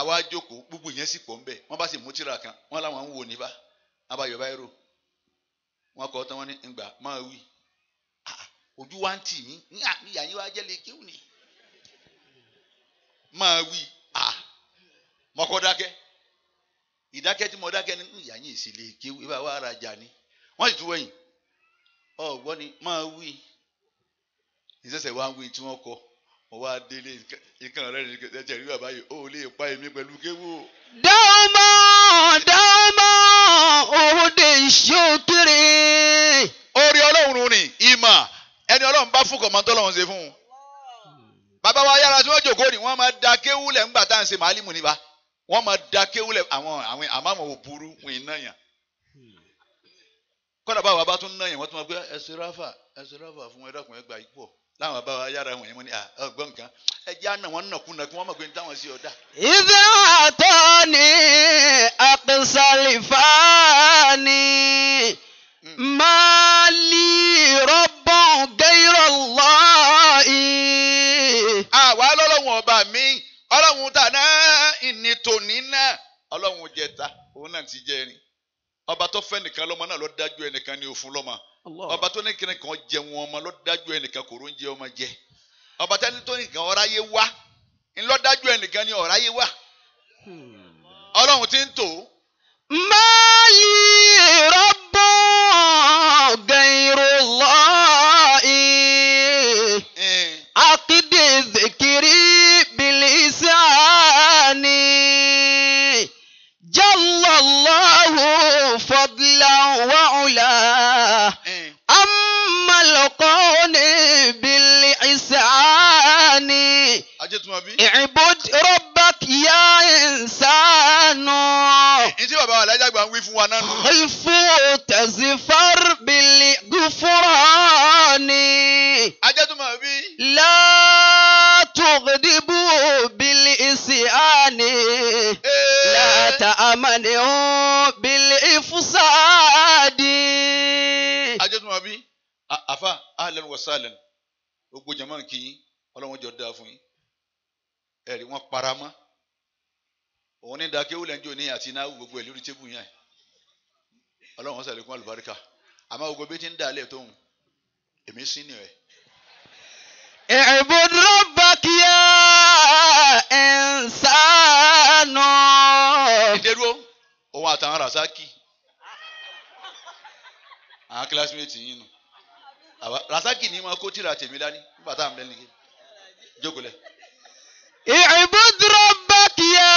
àwa jókòó gbogbo ìyẹn sì pọ̀ ńbẹ̀ wọ́n bá sì mú tírà kan wọ́n làwọn ń wò ní bá abayọ̀ báyìí rò wọ́n kọ́ tán wọ́n ní ngbà máa wí ah, ah, ojú wa ń tì mí ní àmì ìyàyín wa jẹ́ lè ni máa wí ah, mọ́kọ́ dákẹ́ ìdákẹ́ tí mo dákẹ́ ní ìyàyín èsì lè kéwù ibà wà ara jà ni wọ́n sì tún wẹ̀yìn ọ̀gbọ́n ni máa wí ìṣẹ̀ṣẹ̀ wá ń wí tí wọ́n kọ́ mo wá délé ikán rẹ ní ẹjẹ rí bàbá yìí ó lè pa èmi pẹ̀lú kéwò. dáhùn mọ́ dáhùn mọ́ òun dè ṣòtúrè. orí ọlọ́run ni ìmọ̀ ẹni ọlọ́run bá fún kọ̀mọ́tò ọlọ́run ṣe fún un. bàbá wa yára tí wọ́n jòkó ni wọ́n máa da kéwúlẹ̀ ńgbà tá à ń ṣe màálìmù níbà wọ́n máa da kéwúlẹ̀ àwọn àwọn àmàmọ̀ òbúrú wọn iná yàn. kọ́dà báwa bá tún náà yàn wọ́n tún máa gbé ẹsẹ̀ ráfà ẹsẹ̀ ráfà fún ẹ̀dá láwọn bá wa yára wọ̀nyí mo ní ọgbọ́n nǹkan ẹ jẹ́ àna wọn nàkúnà kí wọ́n mọ̀ pé táwọn sí ọ̀dà. ìdá àtọ́ ni àpèsàlìfà ni hmm. máa lè rọ́bọ̀n gẹ́rọ̀ àwa lọ́lọ́run ọba mi ọlọ́run tà náà ìní tòní náà ọlọ́run jẹta òun náà ti jẹ́ ẹni ọba tó fẹ́ nìkan lọ́mọ náà ló dájú ẹnìkan ní òfun lọ́mọ ọba tó ní kíni kan jẹ wọn ọmọ lọ́dájú ẹnìkan kòró ń jẹ ọmọ jẹ ọba tó ní kan ọ̀ráyé wá ńlọ́dájú ẹnìkan ni ọ̀ráyé wá hmm. ọlọ́run ti ń tò. máa yí rọ́bọ̀ gẹ̀rọ lọ. ìbùd rọ́bàk yá ìsánú. ní tí bàbá alájà gbà ń wí fún wa náà. ìfú tẹ̀sífàr bìlì gúfúránì. ajẹ́tùmọ̀ bí. látùgdìbù bìlì ìsìánì. Eh. látà àmàlẹ́hùn bìlì ìfúsáàdì. ajẹ́tùmọ̀ bí. àfa ahlan wa sahlan gbogbo jama kì í ọlọ́wọ́n jọ dáa fún yín. ẹ̀rí wọn para mọ́ òun ní dákéwù lẹ́njọ́ ní àti náà gbogbo ẹ̀ lórí tébù yẹn ọlọ́run sàlẹ̀ kún àlùbáríkà àmọ́ gbogbo bí ti ń dàlẹ̀ tóun èmi sí ni ẹ̀. e rabbaka ya insanu. ìdérò òun àtàwọn rasaki àwọn kílásímẹ́tì yín rasaki ni kó tìrà tèmi dání nígbà tá اعبد ربك يا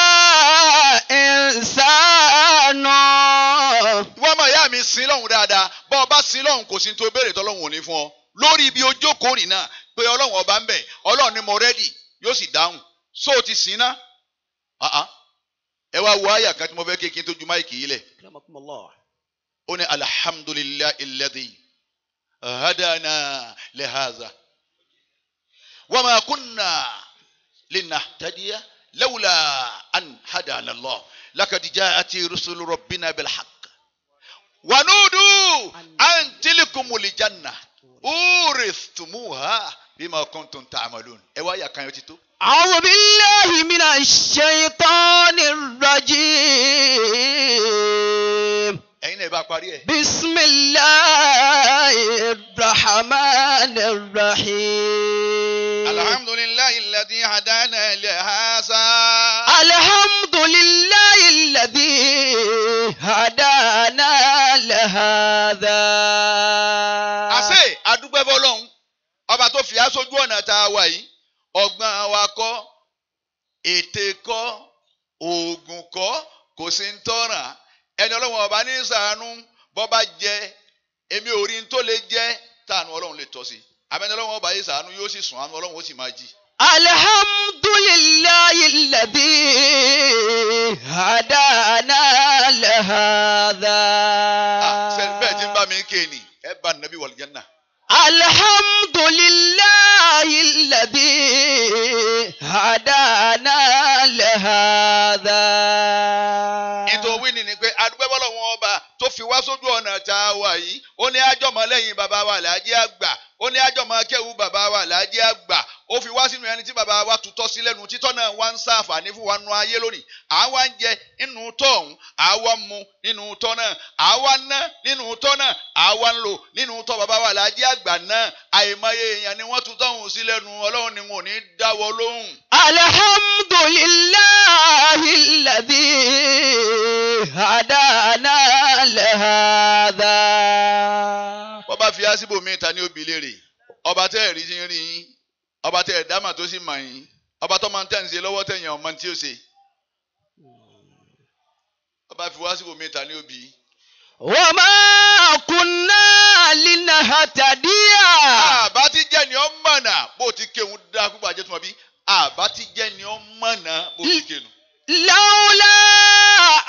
إنسان. wọ́n mọ̀ ìyá mi sin lọ́hùn dáadáa bọ́ ọ bá sin lọ́hùn kò sí tó béèrè tọ́lọ́hùn ò ní fún ọ lórí ibi ojókòó rìn náà pé ọlọ́run ọba ń bẹ̀ ọlọ́run ni mo rẹ́dì yóò sì dáhùn so ti sin ná ẹ wá wo àyà kan tí mo fẹ́ kékin tó ju máìkì yìí lẹ̀ ó ní alhamdulillahi alladhi hadana lihaza wa ma kunna. لنهتدي لولا أن هدانا الله لقد جاءت رسل ربنا بالحق ونودوا أن تلكم الجنة أورثتموها بما كنتم تعملون إيوايا كان يوتيتو أعوذ بالله من الشيطان الرجيم بسم الله الرحمن الرحيم الحمد لله الذي هدى لنا لهذا الحمد لله الذي هدانا لهذا أسي، àdúgbò bọ́lọ́hún ọba tó أسو جوانا تاواي، ọ̀nà tá a wà yìí ọgbọ́n wa kọ́ ète kọ́ oògùn kọ́ kò sí ń tọ́ràn ẹni ọlọ́run ọba ní sàánú bọ́ba jẹ èmi ò rí n tó lè jẹ́ tàánú ọlọ́run lè tọ́ sí abẹ́ni ọlọ́run ọba yìí sàánú yóò sì sùn àánú ọlọ́run ó sì máa jì. الحمد لله الذي هدانا لهذا سنبه جنبا من كيني ابا النبي والجنة الحمد لله الذي هدانا لهذا ètò ni pé adúgbò bọ́lọ́wọ́n ọba tó fi wá sójú ọ̀nà tá a wà yìí ó ní àjọmọ́ lẹ́yìn bàbá wa làájẹ́ àgbà ó ní àjọmọ́ akẹ́wù bàbá wa làájẹ́ àgbà ó fi wá sínú ẹni tí bàbá wa tutọ́ sí lẹ́nu títọ́ náà wá ń ṣàǹfààní fún wa nu ayé lónìí àwa ń jẹ nínú tọ́ ọ̀hún àwa mu nínú tọ́ náà àwa ná nínú tọ́ náà àwa ń lò nínú tọ́ bàbá wa làájí àgbà náà àìmọye èèyàn ni wọ́n tutọ́ ọ̀hún sí lẹ́nu ọlọ́run ni wọn ò ní dáwọ́ lóhùn. alhamdulillahi alladhi hadana lehada. bọ́bá fi ásíbò mi ta ní obì léèrè ọba tẹ́ẹ̀rí ti ń yín ọba tẹ ẹ̀dá mà tó sì mà yín ọba tó máa ń tẹ̀ ń ṣe lọ́wọ́ tẹ̀yìn ọmọ tí ó ṣe ọba fi wá síbò mẹ́ta ní òbí. wa ma kunna linahtadiya. àbá ti jẹ́ ni ọ́ mọ̀nà bó ti kéwù dá púpọ̀ àjẹtùmọ̀ mọ́ bí àbá ti jẹ́ ni ọ́ mọ̀nà bó ti kéwù. lawla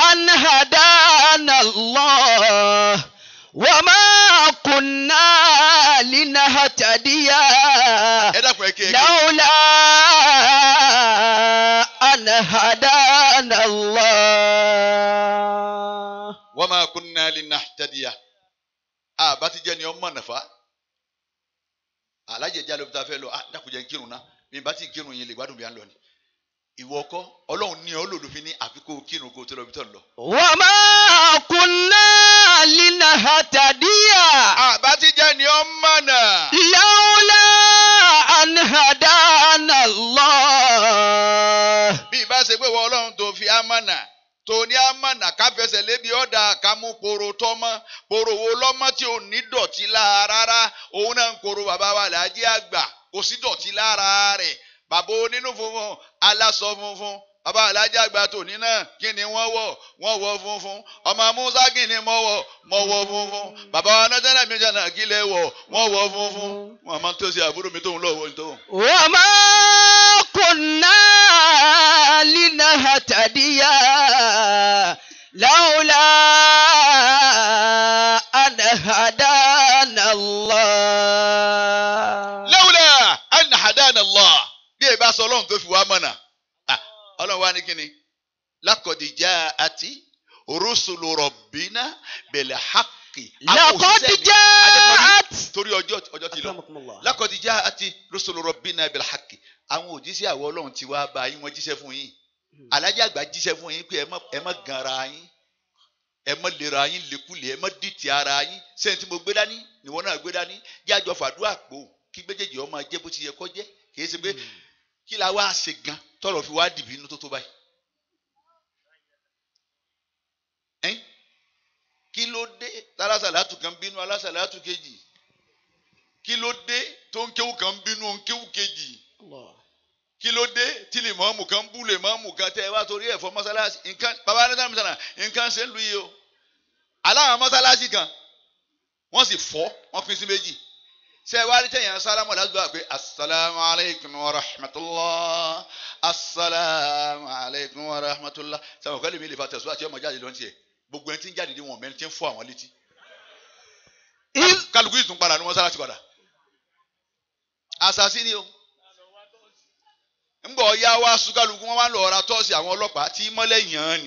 an hadana Allah. وما كنا لنهتدي لولا أن هدانا الله وما كنا لنهتدي àbátí jẹ́ ni ọmọ nàfà alájẹjá ló fi ta fẹ́ lọ dákújẹ́ ń kírun náà bí n bá ti kírun yìí lè gbádùn lọ ni ìwọ kọ́ ọlọ́run ní ọ lòlùfín ní àfikún kírun kó tó lọ bí tọ̀ lọ. wa ma kunna linahtadiya. àbátijọ́ ni ó mọ̀nà. lawla an hadana Allah. bí ìbá ṣe pé wọ ọlọ́run tó fi á mọ̀nà tòní àmànà káfẹsẹ̀ lébi ọ̀dà àkàmú koro tọ́mọ́ koro wo lọ́mọ́ tí ò ní dọ̀tí lára rárá òun náà ń koro bàbá wa làájẹ́ àgbà kò sí dọ̀tí lára rẹ̀ bàbá onínú funfun aláṣọ funfun bàbá alájà àgbà tòní kí ni wọ́n wọ̀ wọ́n wọ̀ funfun ọmọ musa kí ni mo wọ̀ mo wọ̀ funfun bàbá anájánà mi jẹ́ náà kí lè wọ̀ wọ́n wọ̀ funfun wọn máa tó ṣe àbúrò mi tóun lọ́wọ́ tó. wọ́n máa kò náà lina hatadiya láwùlá anahada. bí èyí bá sọ ọlọ́run tó fi wá mọ̀nà ọlọ́run wá ní kíni lákọ̀dìjà àti rusulu rabbina bil haqqi lákọ̀dìjà àti torí ọjọ́ ọjọ́ ti lọ lákọ̀dìjà àti rusulu rabbina bil haqqi àwọn òjíṣẹ́ àwọn ọlọ́run ti wá bá yín wọ́n jíṣẹ́ fún yín alájà àgbà jíṣẹ́ fún yín pé ẹ má ganra yín ẹ má lera yín lékulè ẹ má dìtì ara yín sẹ́yìn tí mo gbé dání ìwọ náà gbé dání jájọ fàdúrà pò kí méjèèjì ọmọ ajẹ́ bó ti yẹ kó jẹ́ kì í ṣe pé. Hmm kí la wá ṣe gan tọrọ fi wá dìbì inú tó tó báyìí. kí ló dé tálásàlátù kan bínú alásàlátù kejì kí ló dé tó ń kéwù kan bínú ń kéwù kejì kí ló dé tí lè mọ́ọ̀mù kan bú lè mọ́ọ̀mù kan tẹ́ ẹ wá torí ẹ̀ fọ́ mọ́sálásí nǹkan bàbá adájọ́ mi sànà nǹkan ṣe ń lu iye o aláwọn mọ́sálásí kan wọ́n sì fọ́ wọ́n pín sí méjì ṣe wá ní tẹ̀yàn sálámù lásìkò pé asalaamu aleykum wa rahmatulah asalaamu aleykum wa rahmatulah sàmù kọ́lé mi lè fa tẹ̀sùn àti ọmọ jáde gbogbo ẹni tí ń jáde ní wọn mẹ́rin tí ń àwọn létí. kálukú yìí tún padà ni o ń ya wá sùn wọn wá lọ tọ́sí àwọn ọlọ́pàá tí mọ́lẹ̀ yàn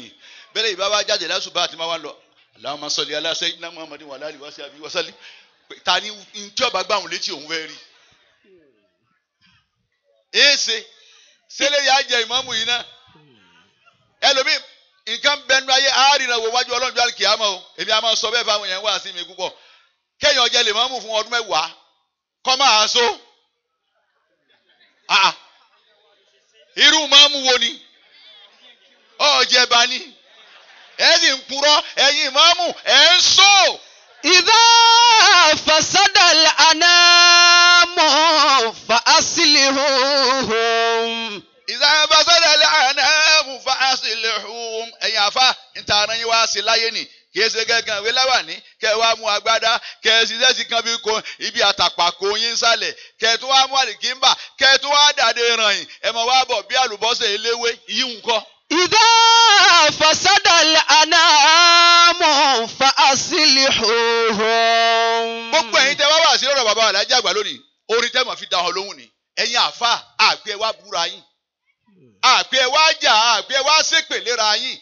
ta ni ntí ọba gbà wọn létí òun fẹ́ rí èèṣe sẹlẹ̀ yà jẹ ìmáàmù yìí náà ẹlòmíì nǹkan bẹnu ayé àárínà wò wájú ọlọ́run jọ́lì kìámọ́ o èmi àmọ́ sọ bẹ́ẹ̀ fáwọn yẹn wá sí mi púpọ̀ kéèyàn jẹ lè máàmù fún ọdún mẹ́wàá kọ́ máa so irú máàmù wo ni ọ̀jẹ̀ bá ní ẹ̀ sì ń purọ́ ẹ̀yin máàmù ẹ̀ ń so ìdá fasadal anamu fa asilihum. ìdá fasadal anamu fa asilihum ẹ̀yin àfa ìtàràn yín wá sí láyé nì kì í ṣe gẹ́gẹ́ ìwé láwàní kẹ́ ẹ wá mú agbádá kẹ́ ẹ ṣiṣẹ́ sí kan bí ko ibi àtàpàkò yín sálẹ̀ kẹ́ ẹ tún wá mú àlìkínbà kẹ́ ẹ tún wá dàdé ràn yín ẹ mọ̀ wá bọ̀ bí àlùbọ́sẹ̀ eléwé yíwùn kọ́. إذا فسد الأنام فأصلحوهم. gbogbo ẹ̀yin tẹ́ wá wá sí lọ́dọ̀ bàbá alájà àgbà lónìí orin tẹ́ mọ̀ fi da ọ lóhùn ni ẹ̀yin àfa àgbẹ̀ wa búra yín àgbẹ̀ wa jà àgbẹ̀ wa ṣépèlera yín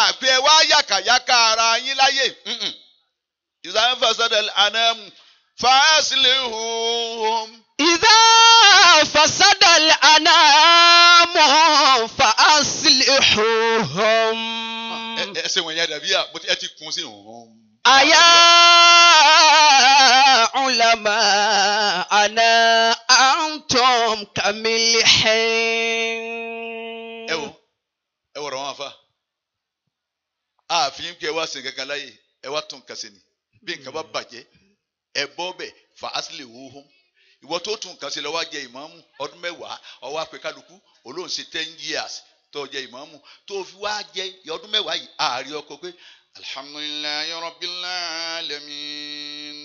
àgbẹ̀ wa yàkàyàkà ara yín láyè إذا فسد الأنام فأصلحوهم. إذا فسد الأنام فأصلحوهم ẹsẹ̀ wọ̀nyí àdàbí à bó ti ẹ ti kún sí òun. àyà ulama àná antum kamilhin. ẹ wò ẹ wọ̀rọ̀ wọn àfa ààfin kí ẹ wá sin kankan láàyè ẹ wá tún kàsẹ́ ni bí nǹkan bá bàjẹ́ ẹ bọ́ bẹ̀ fa asili wúhùn ìwọ tó tún nǹkan ṣe lọ́wọ́ jẹ ìmáàmù ọdún mẹ́wàá ọwọ́ apẹ kálukú olóhùn ṣe ten years tó jẹ ìmáàmù tó fi wá jẹ ọdún mẹ́wàá yìí ààrẹ ọkọ pé alhamdulilayi rabbil alamin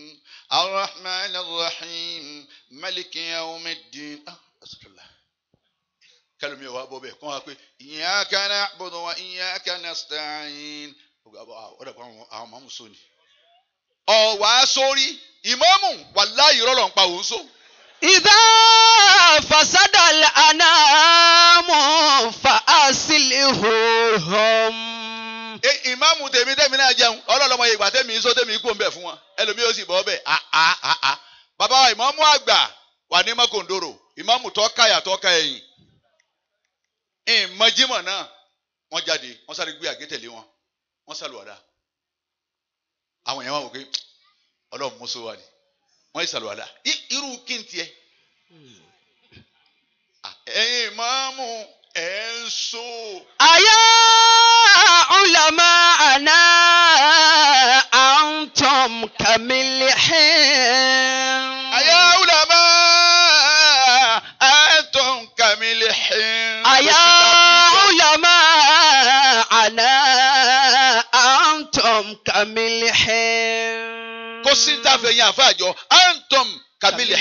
arrahman arrahim maliki yawmiddin kálùmí ọwọ́ abọ́ bẹ́ẹ̀ kọ́ wa pé iyyaka na'budu wa iyyaka nasta'in ọ̀dọ̀ kan àwọn mọ̀mú ah, sóni ọ̀wá sórí ìmáàmù wàláyé rọ́lọ́ ń pa òun sóni ìdá fasada anamu fa asilihu hom. ìmáàmù tèmi tèmi náà jẹun ọlọ́lọ́mọ ìgbà tèmi sọ tèmi kú òǹbẹ̀ fún wọn ẹlòmíì ó sì bọ́ bẹ́ẹ̀ àá àá bàbá wa ìmáàmù àgbà wà ní mọ́kòndòrò ìmáàmù tọ́ka yàtọ́ka ẹ̀yìn ìmọ̀jímọ̀ náà wọ́n jáde wọ́n sáré gbé àgẹ́tẹ̀lé wọn wọ́n sálùwàdà àwọn èèyàn wà wò pé ọlọ́run mú sówà wọ́n yìí sàlùwàlà irú kí n tiẹ̀ hmm. ẹ̀yin ìmáàmù ẹ̀ ń so. àyà ulama àná antum kamilihin. àyà ulama antum kamilihin. àyà ulama àná antum kamilihin ó sì ń tàfẹ́ yín àfàjọ antom kamilẹ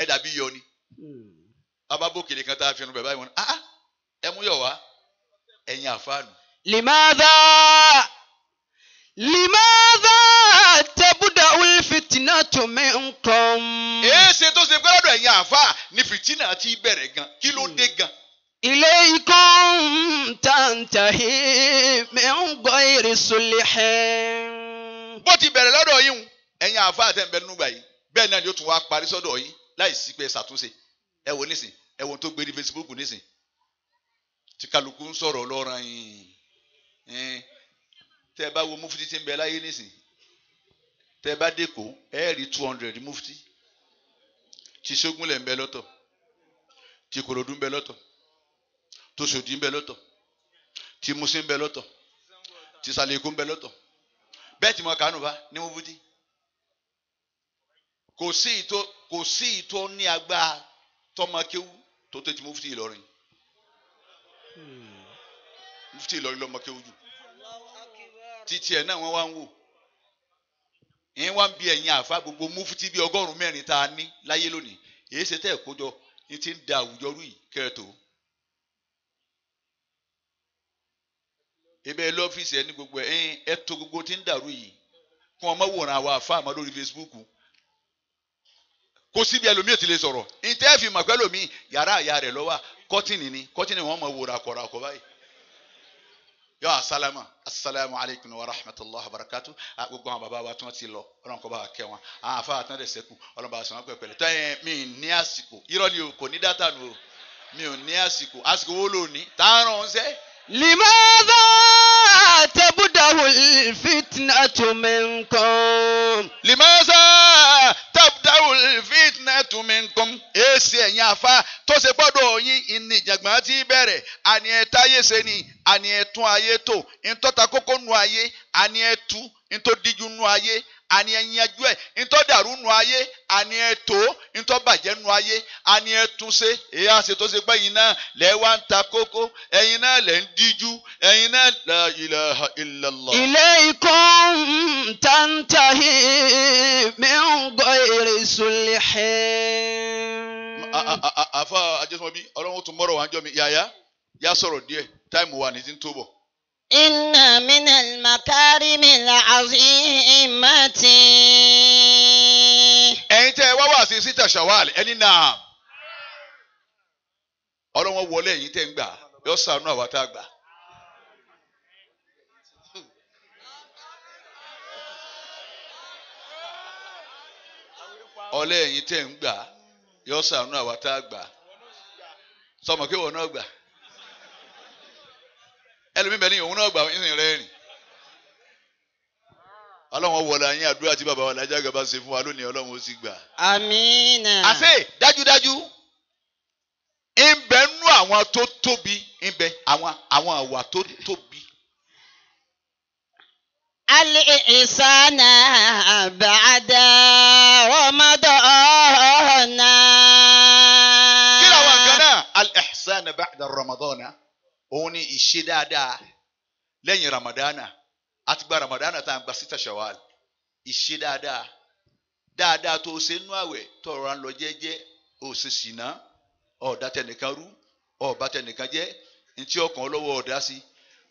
ẹ dàbí yọ ni hmm. ababokele kan tá a fi ẹnu bẹ̀rẹ̀ báyìí wọn ah, ah ẹ mú yọ wá ẹ̀yin àfàánù. limadha limadha tẹ́bùdà wí fìtínà tó mi ń kọ́. èéṣe tó ṣe pé ẹ̀yin àfà ni fìtínà ti bẹ̀rẹ̀ gan kí ló dé gan. ilé ikọ̀ tàǹtà yìí mi ń gbọ́ ìrìsùn bó ti bẹ̀rẹ̀ lọ́dọ̀ yín ẹ̀yin àáfàá tẹ̀ ń bẹ nínú gbà yìí bẹ́ẹ̀ náà ni ó tún wá parí sọ́dọ̀ yín láì sí pé ṣàtúnṣe ẹ wo nísìn ẹ wo tó gbé ní Facebook nísìn tí kálukú ń sọ̀rọ̀ ọlọ́run yìí tẹ́ bá wo mufti tí ń bẹ láyé nísìn tẹ́ bá dẹ́kọ̀ ẹ rí two hundred mufti ti. Ṣógúnlẹ̀ ń bẹ lọ́tọ̀ tí Ìkòròdú ń bẹ lọ́tọ̀ tó Ṣòdì ń bẹ lọ́tọ̀ tí Mùṣín ń bẹ lọ́tọ̀ tí Sàlẹ̀kùn ń bẹ lọ́tọ̀ bẹ́ẹ̀ tí mo kà á nù bá ní mo bútí kò sí ìtò kò sí ìtò ní agbára tọmọkéwú tó tó ti mufti Ìlọrin mufti Ìlọrin lọmọkéwú jù títí ẹ náà wọn wá ń wò yín wá ń bi ẹ̀yin àfa gbogbo mufti bíi ọgọ́rùn-ún mẹ́rin tá a ní láyé lónìí èyí ṣe tẹ́ ẹ̀ kójọ ní ti ń da àwùjọ rú yìí kẹ́rẹ̀tò. ibẹ̀ lọ́fíìsì ẹni gbogbo ẹ̀yìn ẹ̀tọ́ gbogbo ti ń dàrú yìí kí wọ́n má wòran àwọn àfáàmọ́ lórí Facebook kó síbi ẹlòmíì ti lè sọ̀rọ̀ ìtẹ́ẹ̀fì màpẹ́ lòmíì yàrá àyà rẹ̀ lọ́wọ́ kọ́tìnì ni kọ́tìnì wọn mọ̀ wòra kọ̀ra kọ̀ báyìí yọ asalama asalaamu aleykum wa rahmatulahi barakatu gbogbo àwọn bàbá wa tí wọn ti lọ Ọlọ́run kó bá wa kẹ́ wọn àwọn afa àtúntò ẹsẹ kù Ọlọ́run bá wa sọ wọn pẹ لماذا تبدأ الفتنة منكم لماذا تبدأ الفتنة منكم èsì ẹ̀yin àfa tó ṣe gbọ́dọ̀ yín ìní ìjàngbọ̀n ti bẹ̀rẹ̀ àní ẹ̀ta ayé ṣe ni àní ẹ̀tún ayé tó ntọ́ta kókó nu ayé àní ẹ̀tú ntòdíjú nu ayé àní ẹ̀yànjú ẹ̀ ntọ́ dàrú nu ayé àní ẹ̀tọ́ ntọ́ bàjẹ́ nu ayé àní ẹ̀túnṣe èyí àṣẹ tó ṣe pé ẹ̀yin náà lẹ́ wá ń ta kókó ẹ̀yin náà lẹ́ ń díjú ẹ̀yin náà la ilaha illallah. ilaykum tantahi min ghairi sulhin. àfa àjẹsọmọbí ọlọ́run tún mọ̀rọ̀ wájọ́ mi yàyà yà sọ̀rọ̀ díẹ̀ táìmù wà ní ti ń tó bọ̀. إن من المكارم العظيمة ẹ̀yin tẹ́ ẹ wá wá sí sítà ṣàwálì ẹni náà ọlọ́wọ́n wọlé ẹ̀yin tẹ́ ń gbà yọ sànú àwa gbà. ọlẹ́ tẹ́ ń gbà yọ sànú àwa gbà sọmọ kí wọn náà gbà ẹlòmíín bẹ́ẹ̀ ni òun náà gbà ń rẹ́ rìn ọlọ́run wọlé ayé àdúrà tí bàbá wa lájà gàba ṣe fún wa lónìí ọlọ́run ó sì gbà. àmín. àṣẹ dájúdájú ń bẹ nú àwọn tó tóbi ń àwọn àwọn àwà tó tóbi. alẹ́ ìsánà bàdà rọmọdọ̀ ọ̀nà. kí làwọn kan náà alẹ́ ìsánà bàdà rọmọdọ̀ ọ̀nà. òun ni ìṣe dáadáa lẹ́yìn ramadana àti gba ramadana tá à ń gba sita shawal ìṣe dáadáa dáadáa tó o ṣe nú àwẹ̀ tó ọ̀rọ̀ à ń lọ jẹ́jẹ́ o ṣe ṣìnà ọ̀dà tẹnìkan rú ọ̀bà tẹnìkan jẹ́ ntí ọkàn lọ́wọ́ ọ̀dà sí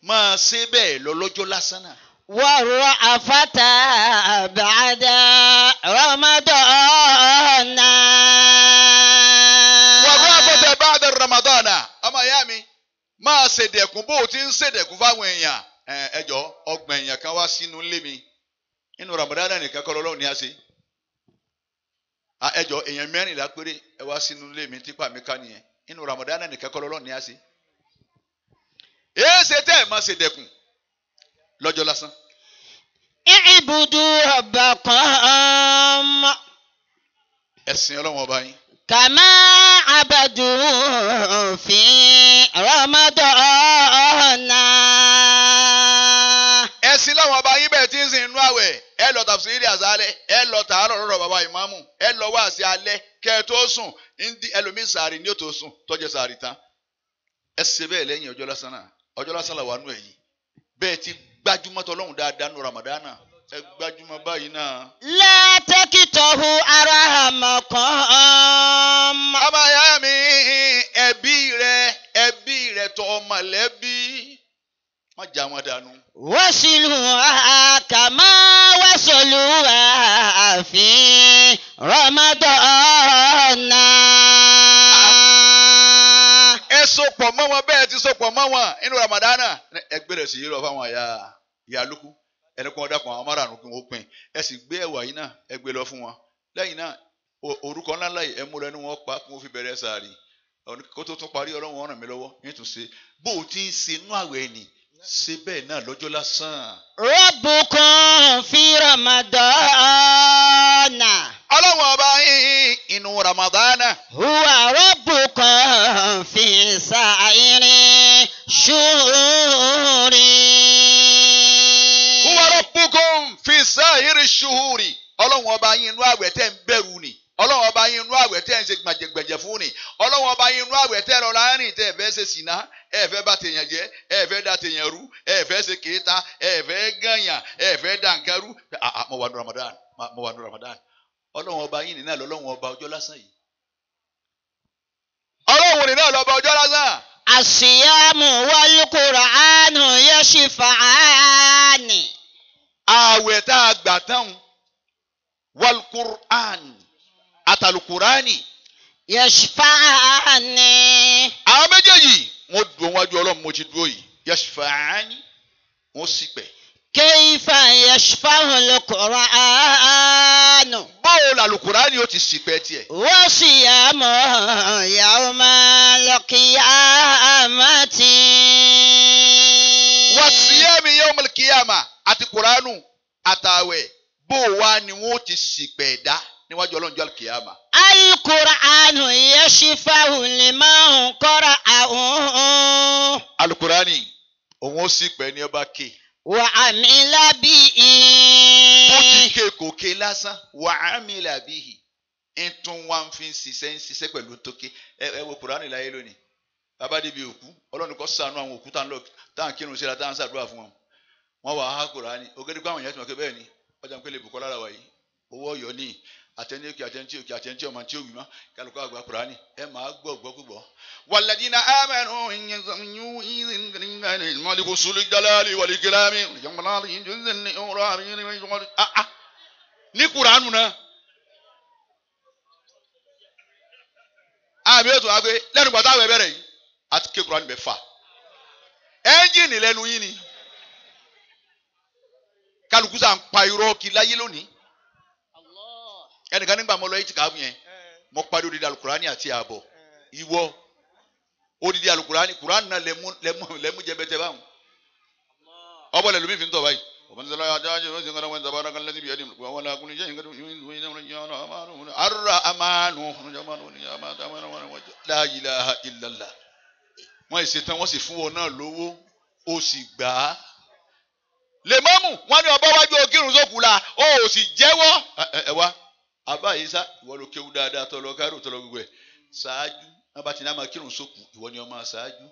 máa ṣe bẹ́ẹ̀ lọ lọ́jọ́ lásán náà. wàá rọ àfàtà àbàdà máa sedekun bó o ti ń ṣèdẹ̀kùn fáwọn èèyàn ẹjọ́ ọgbọ̀n èèyàn kan wá sínú ilé mi nínú Ramadan nìkan kọ́ lọ́lọ́run ní àṣẹ ẹjọ́ èèyàn mẹ́rìnlá péré ẹ wá sínú ilé mi tipa mi ká nìyẹn nínú Ramadan nìkan kọ́ lọ́lọ́run ní àṣẹ èèṣe tẹ́ máa lọ́jọ́ lásán. ẹ̀sìn ọba yín. كما عبدوا في رمضان ẹ̀sìn láwọn ọba yín bẹ́ẹ̀ tí ń sìn inú àwẹ̀ ẹ lọ tàfsírì àṣálẹ́ ẹ lọ tààrọ̀ lọ́rọ̀ bàbá ìmáàmù ẹ lọ wá sí alẹ́ kẹ ẹ tó sùn ndí ẹlòmíín sàárì ní òtò sùn tọ́jú sàárì tán ẹ ṣe bẹ́ẹ̀ lẹ́yìn ọjọ́ lásán náà ọjọ́ lásán làwọn àánú ẹ̀yìn bẹ́ẹ̀ ti gbájúmọ́tọ́ dáadáa nù ẹ gbajúmọ̀ báyìí náà. lẹ́tẹ̀kìtọ̀hu ara àmọ̀ kan. ọmọ ìyá mi ẹbí rẹ ẹbí rẹ tọ mọ̀lẹ́bí má já wọn dànù. wọ́n sì lù wá kà má wá sọ̀lù wá àfin rọmọdọ́nà. ẹ sopọ̀ mọ́ wọn bẹ́ẹ̀ ti sopọ̀ mọ́ wọn inú Ramadana ẹgbẹ́ rẹ̀ sì yí lọ fáwọn ìyá ìyá lókun. ẹnìkan ọ̀dàpọ̀ àwọn márààrún kí ẹ sì gbé ẹwa yìí náà ẹ e lọ fún wọn lẹyìn náà orúkọ ńlá ńlá yìí ẹ wọn pa kí wọn fi bẹrẹ sàárì kó tó tún parí ọlọ́run mi lọ́wọ́ nítorí ṣe bó o ti ń bẹ́ẹ̀ náà lọ́jọ́ lásán. kan fi Ramadana. ọba inú Ramadana. ṣuhuri ọlọ́run ọba yín inú àwẹ̀ tẹ̀ ń ni ọlọ́run ọba yín inú àwẹ̀ tẹ̀ ń ṣe ni ọlọ́run ọba yín inú àwẹ̀ tẹ̀ rọra rìn tẹ̀ fẹ́ ṣe sìnà ẹ bá tèèyàn jẹ ẹ da tèèyàn rú wà ní Ramadan mo wà ní Ramadan ọlọ́run ọba yín ààwẹ̀ tá a gbà tán walkur'an àtàlùkùránì. yashfa'ani. àwọn méjèèjì wọn dùn wájú ọlọ́run mo ti dúró yìí yashfa'ani wọn sì pẹ̀. kayfa yashfa'u l-Qur'an. báwo la lùkùránì ó ti sì pẹ́ tiẹ̀. wa siyamu yawmal qiyamati. wa siyami yawmal qiyamah àti kuranu àtàwẹ̀ bó wa ni wọ́n ti ṣìpẹ̀ ẹ̀dá níwájú ọlọ́run jọ́lù kìyàmà. alukuranu yẹ ṣífà òlè máa ń kọ́ra àwọn. alukurani òun ó ṣìpẹ̀ ní ọba ké. wà á mi lábí i. bó ti ké kò ké lásán wà á mi lábí i. ń tún wá ń fi ṣiṣẹ́ ń ṣiṣẹ́ pẹ̀lú tókè ẹ wo kurani láyé lónìí bàbá débi òkú ọlọ́run kọ́ sànú àwọn òkú tá à ń kírun síra tá à ń ṣàdúrà fún wọn wọ́n wà á kúránì ògèdè pé àwọn èèyàn ti mọ̀ pé bẹ́ẹ̀ ni ọjà ń pè lè bùkọ́ lára wa yìí owó ọ̀yọ́ ní àtẹni òkè àtẹnití òkè àtẹnití ọmọ tí ó wímọ kálukọ àgbà kúránì ẹ máa gbọ́ gbọ́ gbọ́. wàlẹ́dínà amẹ́nu ìyẹn mọ́lẹ́kù sùlù jalali wàlí gílámi ìjọba ìjọba ìjọba ìjọba ní kúránù náà. àmì ètò àgbẹ̀ lẹ́nu gbàtà àwẹ̀ bẹ̀rẹ̀ yìí àti kékuránì bẹ̀ fà ẹ́ńjìnì lẹ́nu yìí ni kálukú sàn pa irọ́ kí láyé lónìí ẹnìkan nígbà mo lọ ìtìkáfù yẹn mo parí odidi alukurani àti ààbọ̀ ìwọ odidi alukurani kurani náà lẹmú lẹmú lẹmú jẹbẹtẹ báwọn ọbọ lẹlu mi fi ń tọ báyìí ọmọdéjọba ajáde ló ń sèkọrọ wọn ìjọba arákan lẹsibí ẹni wọn lakun ní jẹyìn kẹtù ìwé ìjọba ìjọba amánu arúra amánu amánu amánu amánu la ilaha illallah wọn ìṣètàn wọn sì fún wọn náà lówó ó sì gbà á lèmọ́mù wọn ní ọba wájú ogírun sókù la ó sì jẹ́wọ́ ẹ wá àbá yìí sá ìwọ ló kéwu dáadáa tọ́lọ kárò tọ́lọ gbogbo ẹ̀ ṣáájú wọn bá ti ní àmọ́ kírun sókù ìwọ ni ọmọ ṣáájú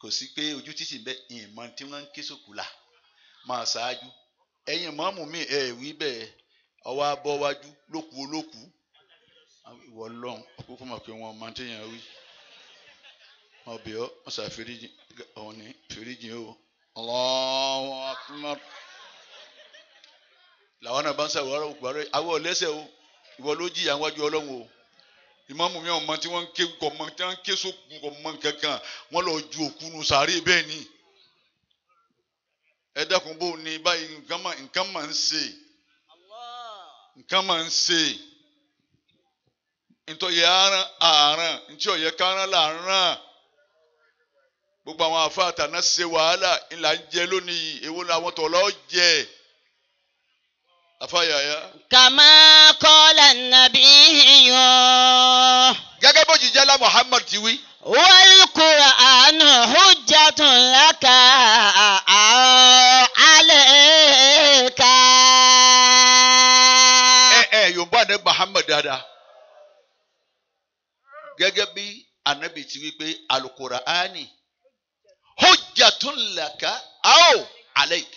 kò sí pé ojú títì bẹ ìmọ̀ tí wọ́n ń ké sókù la máa ṣáájú ẹ̀yin mọ́mù mi ẹ̀ wí bẹ́ẹ̀ ọwọ́ abọ́ wájú lóku olóku ìwọ lọ́n kókó mọ̀ pé wọ́n máa tẹ̀yàn wí ọbẹ̀ ọ́ ọ̀sà Allahu Akbar làwọn náà bá ń sàwòrán òkùnrin àwọn ọ̀lẹ́sẹ̀ o ìwọ ló jìyà wájú ọlọ́run o ìmáàmù mi ọmọ tí wọ́n ń ké kọ̀ kankan wọ́n lọ ju òkú nu sàárè ni ẹ dákun bò ní báyìí nǹkan mà nǹkan mà ń ṣe gbogbo àwọn afa àtàná ṣe wàhálà ńlá ń jẹ lónìí èwo ni àwọn tọ̀lọ́ jẹ afáyàyà. kàmá kọ́lá nàbí yọ. gẹ́gẹ́ bó jíjẹ́ lá Muhammad ti wí. wal Qur'an hujjatun laka alayka. ẹ ẹ yorùbá ní Muhammad dáadáa gẹ́gẹ́ bí anabi ti wí pé al Qur'ani hujjatun laka aw alayk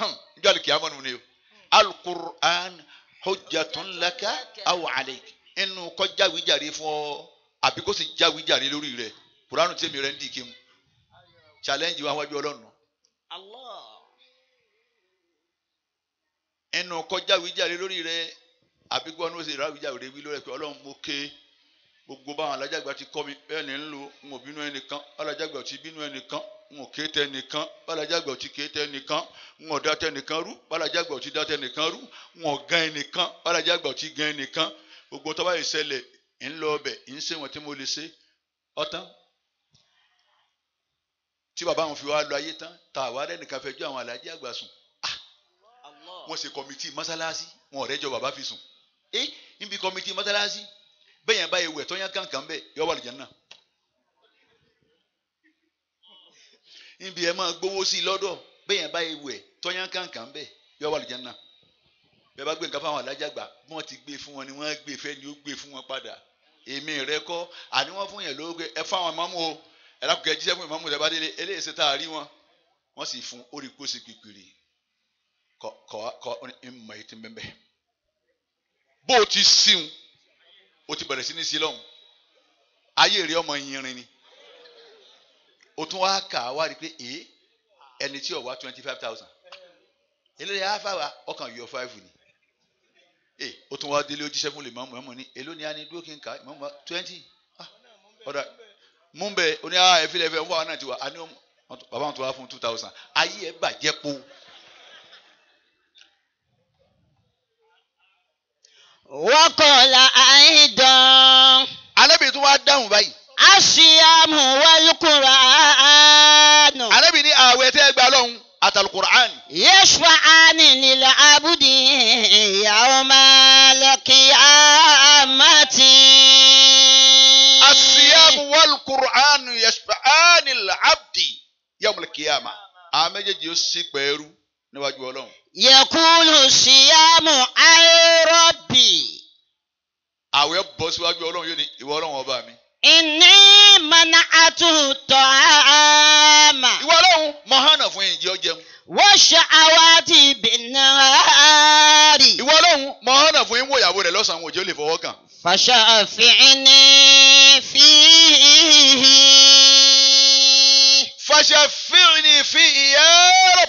hàn níjọ́ àlùkì àmọ́ nìyẹn o alukur'an hujjatun laka aw alayk inú kó jáwéjàre fún ọ àbí kó sì jáwéjàre lórí rẹ kuranu tèmi rẹ ń dì kí mu challenge wa wájú ọlọ́run. inú kó jáwéjàre lórí rẹ àbí kó ọ ní o sì ráwéjàre wí lórí ẹ pé ọlọ́run mo ké. Okay gbogbo báwọn alájàgbà ti kọ́ mi bẹ́ẹ̀ ni ń lo n ò bínú ẹnìkan alájàgbà ò ti bínú ẹnìkan n ò ké tẹ nìkan bálájàgbà ò ti ké tẹ nìkan n ò dá tẹ nìkan rú bálájàgbà ò ti dá tẹ nìkan rú n ò gan ẹnìkan bálájàgbà ò ti gan ẹnìkan gbogbo tó bá yìí ṣẹlẹ̀ ń lọ ọbẹ̀ ń ṣe wọn tí mo lè ṣe ọtán tí bàbá wọn fi wá lọ ayé tán tá àwa rẹ nìkan fẹjọ́ àwọn alájẹ àgbà sùn ah! wọn ṣe kọmitì mọ́sálásí wọn ọ̀rẹ́jọ bàbá fi sùn ẹ eh! níbi kọmitì mọ́sálásí bẹ́ẹ̀ yẹn báyìí wẹ̀ tó yẹn kankan bẹ́ẹ̀ yọ wà lìjẹ́ náà. níbi ẹ̀ máa gbowó sí i lọ́dọ̀ bẹ́ẹ̀ yẹn báyìí wẹ̀ tó yẹn kankan bẹ́ẹ̀ yọ wà lìjẹ́ náà. bẹ́ẹ̀ bá gbé nǹkan fáwọn alájà gbà bí wọ́n ti gbé fún wọn ni wọ́n gbé fẹ́ ni ó gbé fún wọn padà èmi rẹ kọ́ àní wọ́n fún yẹn lówó pé ẹ fáwọn ìmáàmù o ẹ lákòókè jíṣẹ́ fún ìmáàmù rẹ bá o ti bẹ̀rẹ̀ sí ní sí lọ́hùn ayé rí ọmọ yìnrin ni o tún wá kà á wá rí i pé èé ẹni tí ó wá twenty five thousand eléyà áfàwà ọkàn yọ five ni ee o tún wá délé ojíṣẹ́ fún lè mọ̀ mọ̀ èló ni a ní dúró kí n kà á mọ̀ twenty ah, ọ̀dà múmbẹ̀ oní àá ah, ẹ̀fílẹ̀ ẹ̀fẹ̀ ń náà ti wà á ní bàbá wọn tó wá fún two thousand ayé ẹ̀ bàjẹ́ po. Wọ́kọ̀lá àìdán. Anábì tún wá dáhùn báyìí. Aṣíyàmù wálùkùrà ánù. Anábì ní ààwẹ̀ tẹ́ gba lọ́hùn àtàlùkùrán. Yẹ́sùwà ánì nílẹ̀ abúdí ìyàwó máa lọ kí àmàtì. Aṣíyàmù wálùkùrán yẹ́sùwà ánì làbdì yẹ́mùlẹ̀ kíyàmà. Àwọn méjèèjì ó sì pẹ̀lú níwájú Ọlọ́run yẹkulu ṣìyàmù àìrọ́bì. àwẹ̀ bọ́ síwájú ọlọ́run yóò ní ìwọ ọlọ́run ọba mi. ìní mọ̀nà àtúntọ̀ àmà. ìwọ ọlọ́run mọ̀hánà fún ìjẹ́ ọjẹun. wọ́n ṣe àwa ti bìnnà rí. ìwọ ọlọ́run mọ̀hánà fún ìwọ ìyàwó rẹ̀ lọ́sàn-án òjò lè fọwọ́ kàn. fàṣà fìíní fìhí. fàṣà fìíní fìhí yẹ́rọ̀.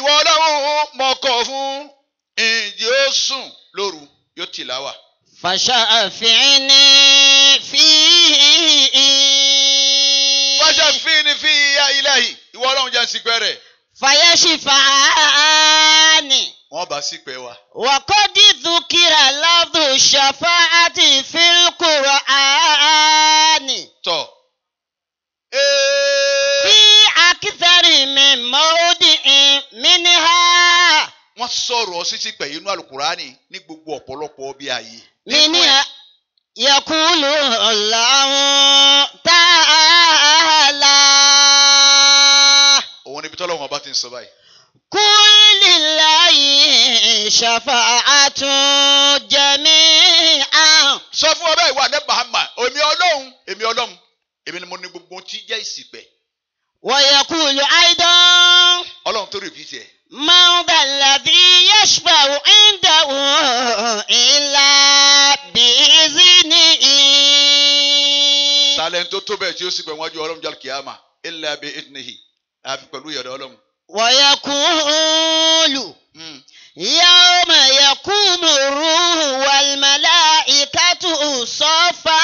ìwọ ọlọ́run mọ̀kọ́ fún ǹjẹ́ ó sùn lóru yóò tì láwà. fàṣà àfihàn ni fi hìhì. fàṣà àfihàn ni fi ìyá ilé yìí ìwọ ọlọ́run jẹ́ sípẹ́ rẹ̀. fàyẹ́ sì fà á nì. wọ́n bá sípẹ́ wa. wọ́kọ́ dídú kíra lábdùn ṣàfà àti fílkùrọ̀ àá tọ́. wọ́n sọ̀rọ̀ sísí pẹ̀ inú alukurani ní gbogbo ọ̀pọ̀lọpọ̀ bí ayé. nínú yakulu ọ̀làwọ̀n tá a la. òun níbi tọ́lọ́wọ́n ọba ti ń sọ báyìí. kúlì láyé ṣàfà àtúnjẹmí àrùn. sọ fún ọbẹ̀ ìwà ní bahama èmi ọlọ́run èmi ọlọ́run èmi ni mo ní gbogbo tí jẹ́ ìsìpẹ̀. wọ́n yẹ kúlù àìdán. ọlọ́run tó rìbí tiẹ̀. máa الذي يشفع عنده إلا بإذنه talẹ̀ tó tó bẹ́ẹ̀ tí ó sì gbẹ̀wọ́n ju ọlọ́run jọ́lù kìáma illa bi idnihi àfi pẹ̀lú ìyọ̀dọ̀ ọlọ́run. wọ́yẹ̀kúlù yawma hmm. yaqumu ruhu wal malaikatu safa.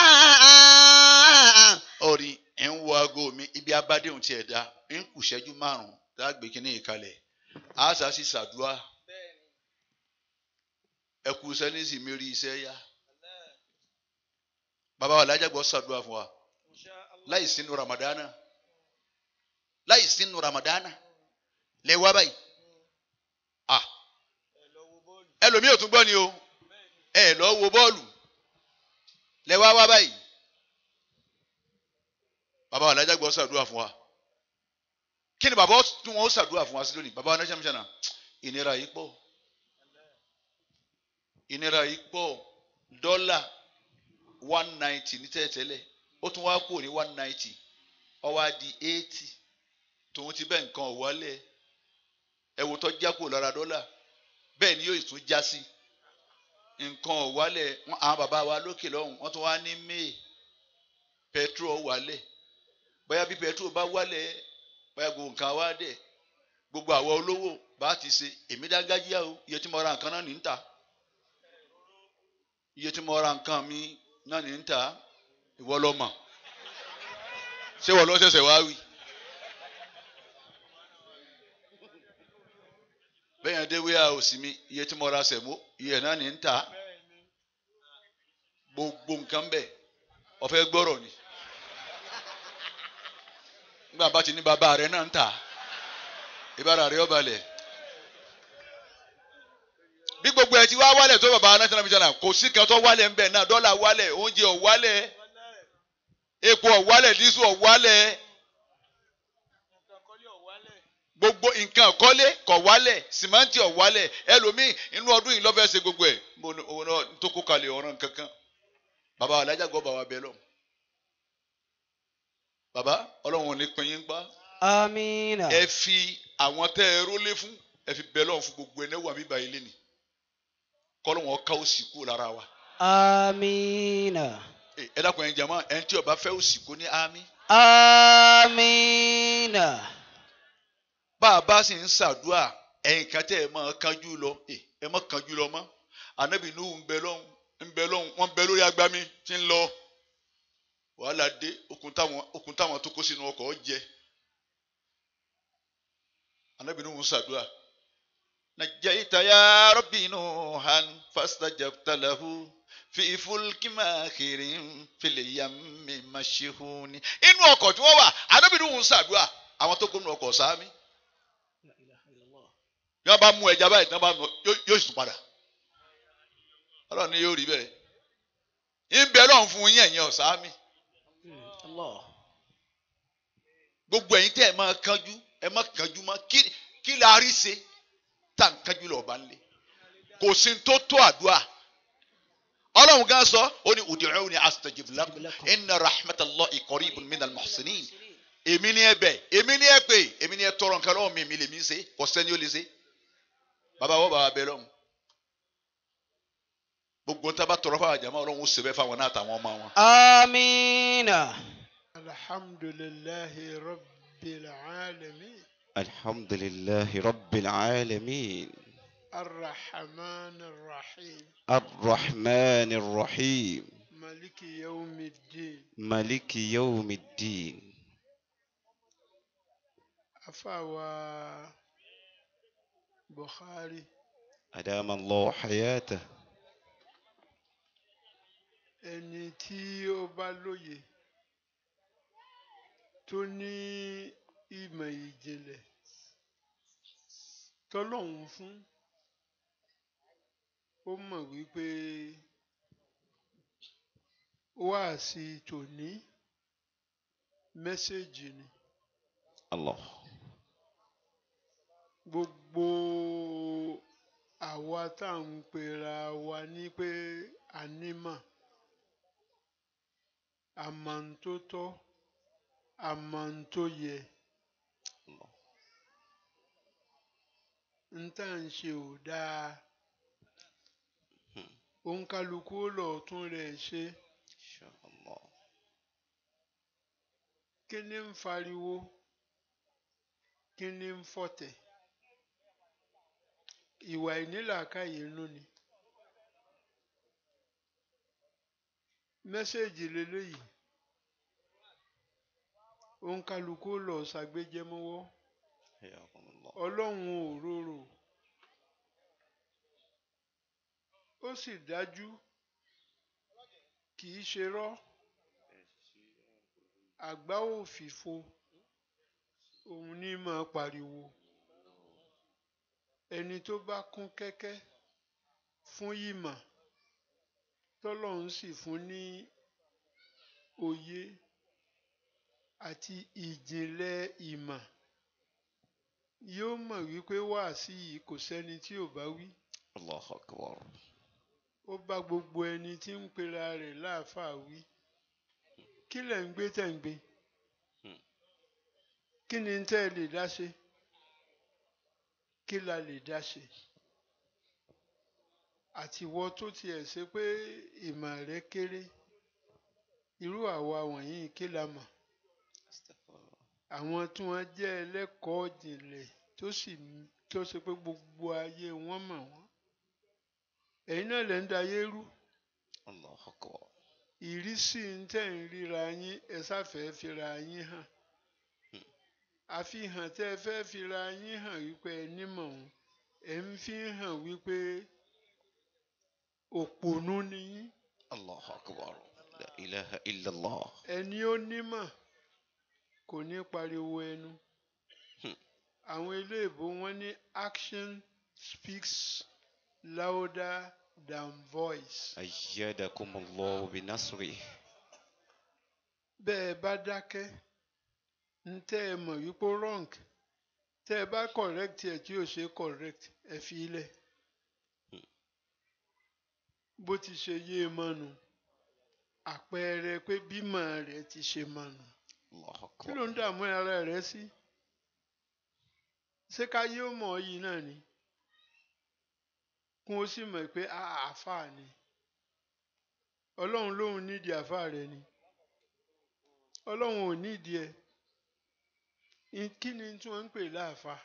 orí ẹ̀ ń wo aago mi ibi abádéhùn tiẹ̀ dá ń kù ṣẹ́jú márùn-ún tá ìkalẹ̀ a sá sì ṣàdúrà ẹ kú iṣẹ́ ní sì mérí iṣẹ́ yá bàbá wa lájàgbọ́ ṣàdúrà fún wa láì sínú ramadana láì sínú ramadana lẹ́wà báyìí ah ẹlòmíì ò tún gbọ́ ni o ẹ lọ wo bọ́ọ̀lù lẹ́wà wá báyìí bàbá wa lájàgbọ́ ṣàdúrà fún wa kí ni bàbá tí wọn ó ṣàdúrà fún wa sí lónìí bàbá oníṣẹ́ mìíràn ìnira yìí pọ̀ ìnira yìí pọ̀ dọ́là one ninety ní tẹ́lẹ̀tẹ́lẹ̀ ó tún wá kúrò ní one ninety ó wá di eighty tòun ti bẹ́ẹ̀ nǹkan ọ̀wálẹ̀ ẹ̀wò tó já kúrò lára dọ́là bẹ́ẹ̀ ni yóò tún já sí nǹkan ọ̀wálẹ̀ àwọn bàbá wa lókè lọ́hùn wọ́n tún wá ní may petrol wálẹ̀ bóyá bí petrol bá wálẹ̀ ẹgùn nǹkan wá dé gbogbo àwa olówó bá ti ṣe èmi dágájíá o iye tí mo ra nǹkan náà ní ta iye tí mo ra nǹkan mi náà ní ń ta ìwọ lọ mọ̀ ṣé wọ́n lọ ṣẹ̀ṣẹ̀ wá wí. bẹ́ẹ̀ yẹn dé wíyà òsì mi iye tí mo ra iye náà ní ta gbogbo nǹkan bẹ́ẹ̀ ọ̀fẹ́ gbọ́rọ̀ ni. nígbà ti ní bàbá rẹ náà ń tà ìbára rẹ gbogbo ẹ ti wá tó bàbá aláìsàn àmì ìjànà kò sí kan tó ń bẹ̀ náà dọ́là wálẹ̀ oúnjẹ ò epo ò gbogbo nǹkan kọ̀ wálẹ̀ sìmẹ́ǹtì ẹlòmíì inú ọdún yìí lọ́fẹ̀ẹ́ gbogbo ẹ̀ mo ní tó bàbá ọlọ́run ò ní pín yín gbá. àmín. ẹ fi àwọn tẹ́ ẹ rólé fún ẹ fi bẹ́ẹ̀ lọ́run fún gbogbo ẹ̀ náwó àbíbá ilé ni kọ́lọ́run ọ̀ka òsì kú lára wa. àmín. Eh, ẹ dákun ẹ̀ ń jàmọ́ ẹ̀ ń tí ọba fẹ́ òsì kú ní àmín. àmín. bá sì ń ṣàdúrà ẹ̀yìn kan tẹ́ ẹ máa kánjú lọ eh, ẹ máa kánjú lọ mọ́ ànábì Nuhu ń bẹ lọ́hùn ń bẹ lọ́hùn wọ́n bẹ lórí agbami tí ń lọ wàhálà dé okùn táwọn tó kó sínú ọkọ̀ jẹ anabi nuhu ṣàdúrà najaita ya rabbi nuhan fastajabta lahu fi ifulki makirin fil yammi mashihuni inú ọkọ̀ tí wọ́n wà anabi nuhu ṣàdúrà àwọn tó kó nínú ọkọ̀ sáámi bí wọ́n bá mú ẹja báyìí tí bá mú yóò sùn padà Ọlọ́run ni yóò rí bẹ́ẹ̀ ń bẹ Ọlọ́run fún yín ẹ̀yin ọ̀sáámi. Allah gbogbo ẹ̀yin tẹ́ ẹ máa kanjú ẹ máa kanjú mọ́ kí kí la rí ṣe tá n kanjú lọ́ọ́ bá ń lé kò sí tó tó àdúrà ọlọ́run gan sọ ó ní ud'uni astajib lakum inna rahmatallahi qaribun minal muhsinin èmi ni ẹ bẹ̀ èmi ni ẹ pè èmi ni ẹ tọrọ nǹkan lọ́wọ́ mi èmi lè mi ṣe kò sẹ́ni ó lè ṣe bàbá wọ́n bàbá bẹ lọ́hùn gbogbo ń tábà tọrọ fáwọn àjàmọ́ ọlọ́run ó ṣe bẹ́ẹ̀ fáwọn náà àtàwọn ọmọ wọn. amiina. الحمد لله رب العالمين الحمد لله رب العالمين الرحمن الرحيم الرحمن الرحيم ملك يوم الدين ملك يوم الدين أفاوى بخاري أدام الله حياته أنتي tí tó ní ìmọ̀ ìjìnlẹ̀ tọ́lọ́hun fún ó mọ̀ wípé wáàsí tòní mẹ́sẹ̀gì ni. Allah. gbogbo àwa tá à ń pera wa ní pé ànímọ̀ àmọ̀ ń tó tọ́. a mọ ohun tó yẹ n tá à ń ṣe ò dáa òǹkàlùkù ó lọ ọ̀tún rẹ̀ ṣe kí ni ń fariwo kí ni ń fọ̀tẹ̀ ìwà ìnílàákàyè inú ni mẹ́sẹ̀gì lélẹ́yìí òǹkàlùkù lọ ṣàgbéjẹ́ mọ́wọ́ ọlọ́run ò rorò ó sì dájú kì í ṣe rọ́ àgbá òfìfo òun ní máa pariwo ẹni tó bá kún kẹ́kẹ́ fún ìmọ̀ tọ́lọ́run sì fún ní òye àti ìjìnlẹ̀ ìmọ̀ yóò mọ̀ wípé wáàsí yìí kò sẹ́ni tí ò bá wí. ó bá gbogbo ẹni tí ń pera rẹ̀ láàfáà wí kí lẹ̀ ń gbé tẹ̀ hmm. kí ni tẹ́ ẹ lè dá ṣe kí la lè dá ṣe àtiwọ́ tó tiẹ̀ ṣe pé ìmọ̀ rẹ̀ kéré irú àwa wọ̀nyí kí la mọ̀ àwọn tí wọ́n jẹ́ ẹlẹ́kọ̀ọ́ ìjìnlẹ̀ tó sì tó ṣe pé gbogbo ayé wọn mọ̀ wọ́n ẹ̀yin náà lẹ́ ń da ayé rú. ìrísí tẹ̀ ń ríra yín ẹ sáfẹ́ fira yín hàn àfihàn tẹ́ ẹ fẹ́ fira yín hàn wípé ẹ nímọ̀ òun ẹ ń fi hàn wípé òpònú ni yín. ẹni ó nímọ̀. kò ní pariwo ẹnu hmm. àwọn iléèbó wọn ní action speaks louder than voice. ayyadakumullahu binasri. bẹ́ẹ̀ bá dákẹ́ ń tẹ́ ẹ mọ̀ wípé wrong tẹ́ ẹ bá correct ẹ̀ tí ò ṣe correct ẹ fi ilẹ̀ hmm. bó ti ṣe yé e mọ́nu àpẹẹrẹ pé bímọ rẹ ti ṣe mọ́nu. kí ló ń dààmú ara rẹ sí ṣé káyé ó mọ̀ yìí náà ni kún ó sì mọ̀ pé àáfàá ni ọlọ́run lóun nídìí àáfàá rẹ ni ọlọ́run ò nídìí ẹ kí ni tí wọ́n ń pè láàfàá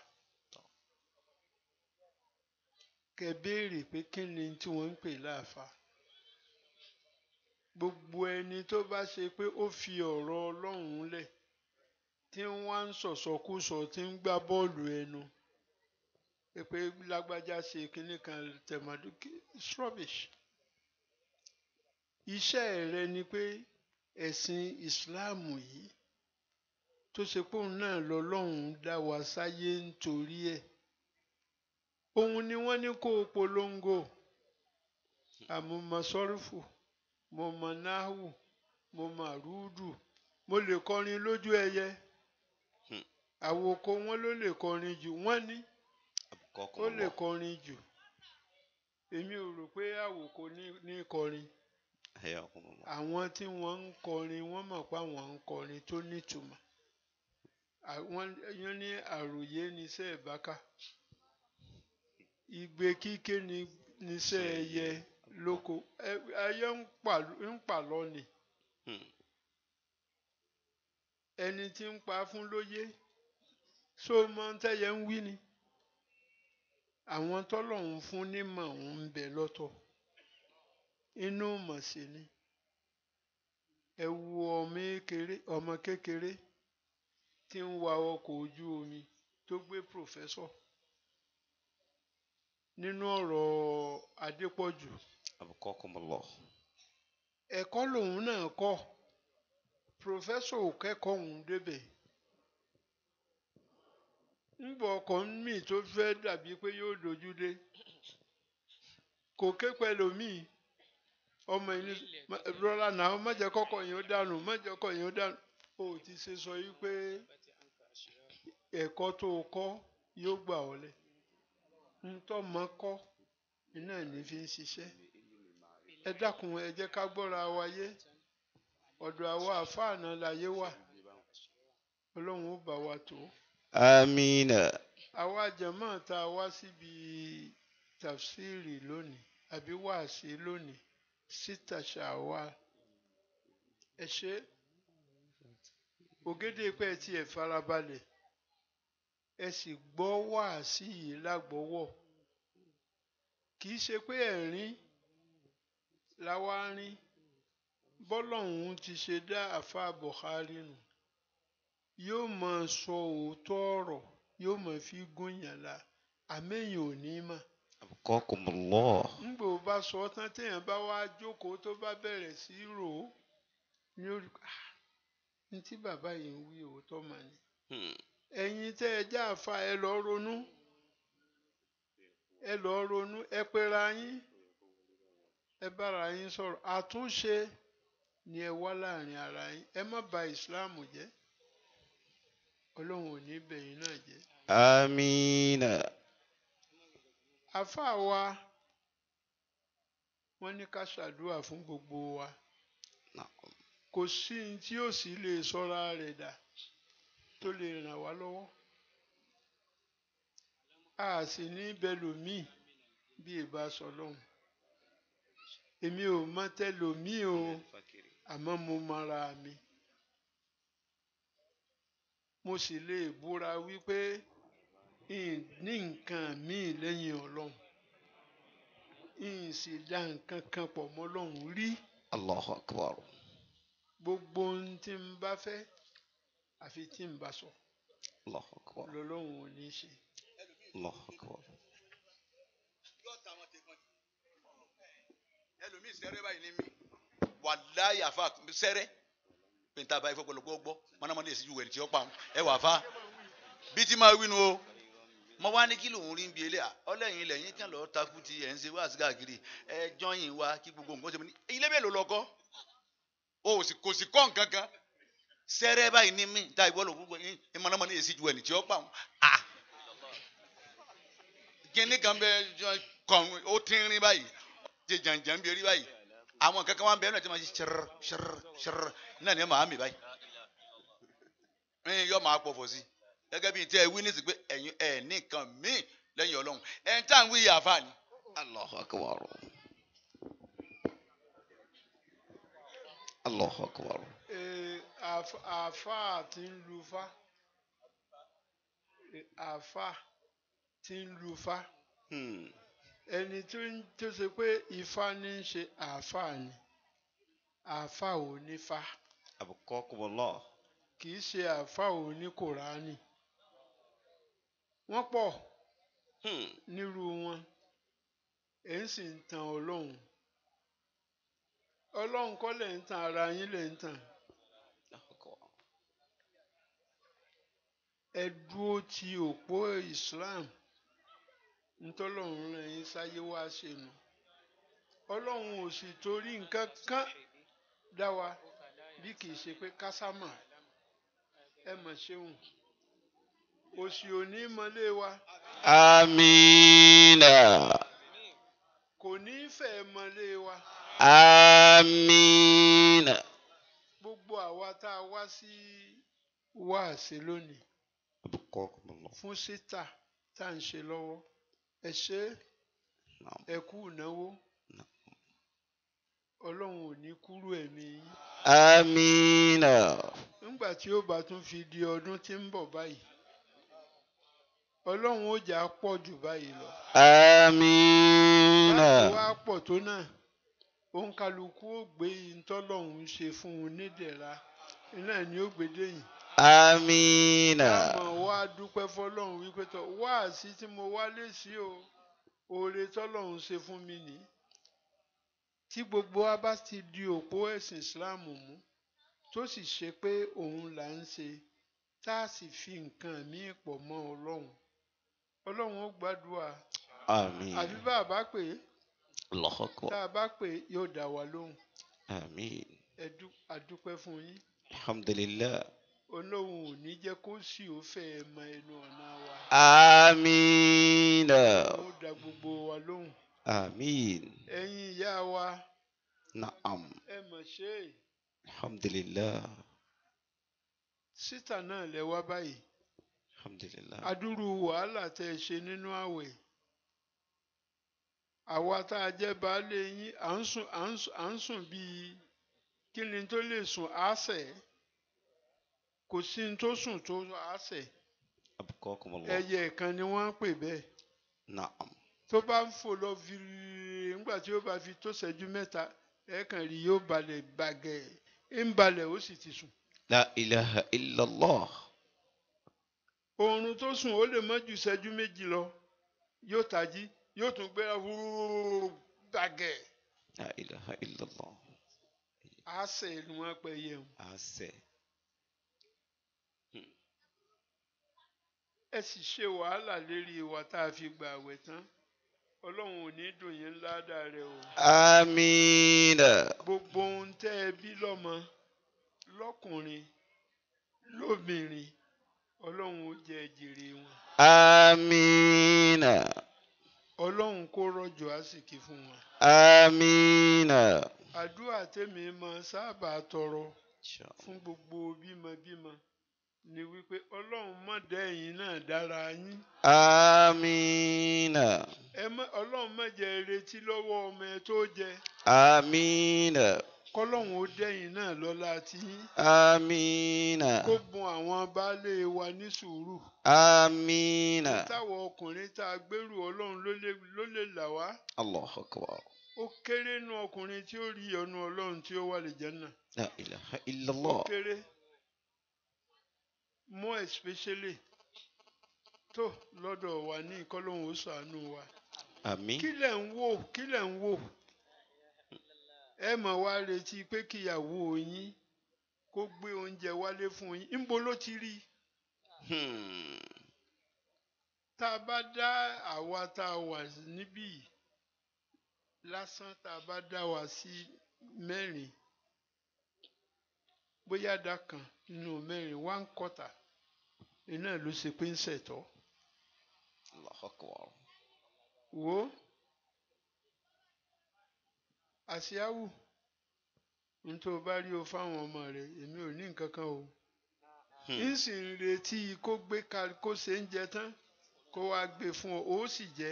kẹ béèrè pé kí ni tí wọ́n ń pè láàfàá gbogbo ẹni tó bá ṣe pé ó fi ọ̀rọ̀ ọlọ́run lẹ̀ tí wọ́n ń sọ̀sọ́kúsọ tí ń gbá bọ́ọ̀lù ẹnu pé lágbájá ṣe kinní kan tẹ̀mọ́dú rubbish iṣẹ́ rẹ ni pé ẹ̀sìn ìsìláàmù yìí tó ṣe pé òun náà lọ́lọ́run dá wa sáyé nítorí ẹ̀ òun ni wọ́n ní kó polongo àmọ́ mọ́ mo mọ náhù mo mọ rúdù mo lè kọrin lójú ẹyẹ hmm. àwòkọ wọn ló lè kọrin jù wọn ní ó lè kọrin jù èmi ò rò pé àwòkọ ní kọrin àwọn tí wọ́n ń kọrin wọn mọ̀ pé àwọn ń kọrin tó nítumọ̀ wọ́n ní àròyé níṣẹ́ ìbáka igbe kíké níṣẹ́ ẹyẹ. lóko ẹyẹ ń pa lọ́nì hmm. ẹni tí ń pa fún lóye ṣó mọ tẹ́yẹ ń wí ni àwọn tọ́lọ́hún fún nímọ̀ ń bẹ lọ́tọ̀ inú mọ̀ sí ni ẹ wo ọmọ kékeré tí ń wa ọkọ̀ ojú omi tó gbé pòfẹ́sọ̀ nínú ọ̀rọ̀ Adépọ̀jù. àbùkọ́kùnmọ̀lọ́. ẹ̀kọ́ lòun náà kọ́ pòfẹ́sọ̀ kẹ́kọ̀ọ́ òun débẹ̀ nbọ ọkọ mi tó fẹ́ dàbí pé yóò dojú dé kò ké mi ọmọ yìí rọra náà má jẹ́ kọ́kọ́ ó dànù ti ṣe sọ yìí pé ẹ̀kọ́ tó o yóò gbà ọ́ lẹ̀ fi ń ẹ dákun ẹ jẹ́ ká gbọ́ra wa yé ọ̀dọ̀ àwa àfáàná láyé wà ọlọ́run ó bá wa tó. amina. àwa jẹ̀mọ́ tá wá síbi tafsiri lónìí àbí wáàsí lónìí síta ṣàwá ẹ ṣe ògèdè pé ẹ tiẹ̀ farabalẹ̀ ẹ sì gbọ́ wáàsí yìí lágbọ́wọ́ kì í ṣe pé ẹ̀rín la wá rí bọ́lọ́hún ti ṣe dá àfa Buhari nù yóò máa sọ òótọ́ ọ̀rọ̀ yóò máa fi gúnyàn la àmẹ́yìn ò ní mà. àbùkọ́kùnmùlọ́. nígbà ó bá sọ tán téèyàn bá wá jókòó tó bá bẹ̀rẹ̀ sí í rò ó ní orí ah, ní tí bàbá yìí ń wí òótọ́ mà ni. Hmm. ẹ̀yin tẹ́ ẹ já àfa ẹ lọ́ọ́ ronú ẹ lọ́ọ́ ronú ẹ pera yín. ẹ bára yín sọ̀rọ̀ àtúnṣe ni ẹ wá láàrin ara yín ẹ má bà islam jẹ́ ọlọ́run ò ní bẹ̀yìn náà jẹ́. amiina. àfa wa wọ́n ní ká ṣàdúrà fún gbogbo wa kò sí ní tí ó sì lè sọ́ra rẹ̀ dà tó lè ràn wá lọ́wọ́ a sì ní bẹ́lòmíì bí ìbá sọ lọ́hùn. èmi ò mọ tẹlòmíì o àmọ́ mo mọra mi mo sì lè búra wípé ní nǹkan míì lẹ́yìn ọlọ́run n sì dá nǹkan kan pọ̀ mọ́ ọlọ́run rí. Allahu akbar. gbogbo ohun tí n bá fẹ́ àfi tí n bá sọ. Allahu akbar. lọ́lọ́run ò ní í ṣe. Allahu akbar. sẹ́rẹ́ báyìí ní mi wàláyé àfa sẹ́rẹ́ pèntà báyìí fọpọlọpọ gbọ́ mọ́nàmọ́ná èsì ju wẹ̀rì tí ó pa ẹ wà fa bí ti máa wínú o mo wá ní kí lòun rí ń bi eléyà ọlẹ́yìn lẹ́yìn kí n lọ takú ti ẹ̀ ń ṣe wá síkàkiri ẹ jọyìn wa kí gbogbo nǹkan ṣe mo ní ilé mélòó lọ kọ́ o kò sì kọ́ nǹkan kan sẹ́rẹ́ báyìí ní mí ta ìwọ́lọ̀ gbogbo yín mọ́nàmọ́ná èsì ju ẹ̀nì tí ó pa kíní kan bẹ kọ̀ọ̀rùn ó ti rin báyìí jẹ jàǹjàǹ bí orí báyìí àwọn kankan wà ń bẹ ẹnu ẹ̀ tí wọ́n ti ṣẹrẹ ṣẹrẹ ṣẹrẹ náà ni ẹ máa mì báyìí ẹyin yọ máa pọ̀ fọ̀ sí gẹ́gẹ́ bíi tí ẹ wí ní sí pé ẹ̀yin ẹ̀ nìkan míì lẹ́yìn ọlọ́run ẹ̀ ń tàn wí yà fà ní. Allahu akbar Allahu akbar. àfa tí ń lu fa àfa tí ń lu fa. Hmm ẹni tó ṣe pé ifá ní í ṣe àáfàá ni àáfàá ò ní fa. àbùkọ́ kò wọ́n lọ. kì í ṣe àáfàá ò ní kòránì wọ́n pọ̀ hmm. nírú wọn èyí sì ń tan ọlọ́run ọlọ́run kọ́ lè ń tan ara yín lè ń tan. ẹ dúró ti òpó Islam ntọ́lọ́run rán yín sáyé wá ṣe ọlọ́run ò sì torí nǹkan kan dá wa bí kì ṣe pé kásámà ẹ mọ̀ ṣeun òṣì òní mọ́lé wa. amina. kò ní fẹ́ mọ́lé wa. amina. gbogbo àwa tá a wá sí wáàsí lónìí fún síta tá à ń ṣe lọ́wọ́ ẹ ṣé ẹ kú ìnáwó ọlọ́run ò ní kúrú ẹ̀mí yín. amínà. nígbà tí ó bá tún fi di ọdún tí ń bọ̀ báyìí ọlọ́run ó jà pọ̀ jù báyìí lọ. amínà. báwo wá pọ̀ tó náà òǹkàlùkù ó gbé ìtọ́lọ́hún ṣe fún un nídẹ̀ra iná ni ó gbé dẹ́yìn amina. àmọ́ wá dúpẹ́ fọlọ́run wípé tọ́ wáàsí tí mo wá lé sí o oore tọ́lọ́run ṣe fún mi nì tí gbogbo wa bá ti di òpó ẹ̀sìn Islam mú tó sì ṣe pé òun là ń ṣe tá a sì fi nǹkan míì pọ̀ mọ́ ọlọ́run ọlọ́run ó gbàdúrà àbí bá a bá pè é tá a bá pè é yóò dá wa lóhùn àmín fún yín. alhamdulilayi. Ọlọ́run ò ní jẹ́ kó sì ó fẹ́ ẹ mọ ẹnu ọ̀nà wa. Àmín. Ó dá gbogbo wa lóhùn. Àmín. Ẹ̀yin ìyá wa. Naam. Ẹ mọ̀ ṣe. Alhamdulilah. Sítà náà lẹ wá báyìí. Alhamdulilah. Adúrú wàhálà tẹ ẹ ṣe nínú àwẹ̀. Àwa tá a jẹ́ baálé yín, à ń sùn bíi kí ni tó lè sùn àásẹ̀. kò sí tó sùn tó ẹyẹ kan ni wọ́n pè bẹ́ẹ̀. tó bá ń fò lọ tí ó bá fi tó ṣẹ́jú mẹ́ta kàn rí yóò balẹ̀ gbàgẹ̀ ń balẹ̀ ó sì ti sùn. la ilaha illallah. oorun tó sùn ó lè ju lọ yóò tají yóò tún wúrúwúrú la ilaha illallah. ẹ sì ṣe wàhálà lérí wa tá a fi gba àwẹ̀ tán ọlọ́run ò ní dùn yín ládàá rẹ o. àmín. gbogbo ohun tẹ́ ẹ bí lọ́mọ lọ́kùnrin lóbìnrin ọlọ́run ó jẹ jèrè wọn. àmín. ọlọ́run kó rọ̀jò àsìkí fún wọn. àmín. àdúrà tèmi máa sábà tọrọ fún gbogbo bímọ bímọ ni wípé ọlọ́run má dá ẹ̀yin náà dára yín. amina. ẹ má ọlọ́run má jẹ retí lọ́wọ́ ọmọ ẹ tó jẹ. amina. kọ́lọ́run ó dẹ́yìn náà lọ́lá tí yín. amina. kó bùn àwọn baálé wa ní sùúrù. amina. táwọn ọkùnrin tá a gbèrú ọlọ́run ló lè là wá. Allahu akbar ó kéré nu ọkùnrin tí ó rí ọnu ọlọ́run tí ó wà lè jẹ́ náà. la ilaha illallah. ó kéré more especially tó lọ́dọ̀ wa ní ìkọ́lóhùn ó ṣàánú wa. àmín. kí lẹ̀ ń wò kí lẹ̀ ń wò ẹ máa wá retí pé kíyàwó yín kó gbé oúnjẹ wálé fún yín ńbo ló ti rí. Hmm. tá a bá dá àwa tá a wà níbí lásán tá a bá dá wa sí mẹ́rin bóyá dá kan nínú mẹ́rin one quarter iná ló ṣe pé ń ṣẹ̀tọ́. Allahu Akbar. wo àṣìáwù ní tó o bá rí o fáwọn ọmọ rẹ èmi ò ní nǹkan kan o ń hmm. sì ń retí kó gbé kó ṣe ń jẹ tán kó wá gbé fún ọ ó sì jẹ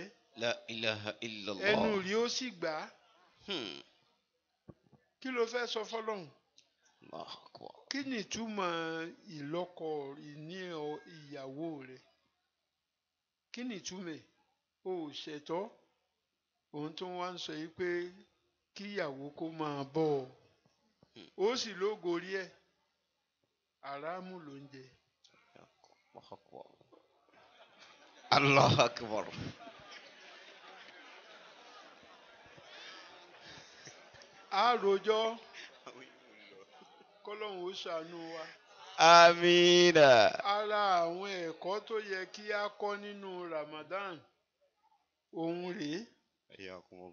ẹnu rí ó sì gbà á hmm. kí ló fẹ́ sọ fọlọ́hún kí ni ìtumọ̀ ìlọ́kọ ní ìyàwó rẹ kí ni ìtumọ̀ ẹ̀ o ò ṣẹ̀tọ́ òun tó wá ń sọ yìí pé kíyàwó kó máa bọ̀ ó sì lógo rí ẹ̀ aráàmù ló ń jẹ. Allahu akbar. àròjọ kọ́lọ́hún ó ṣàánú wa. amina. ara àwọn ẹ̀kọ́ tó yẹ kí a kọ́ nínú Ramadan òun rèé. ẹ̀yà kún un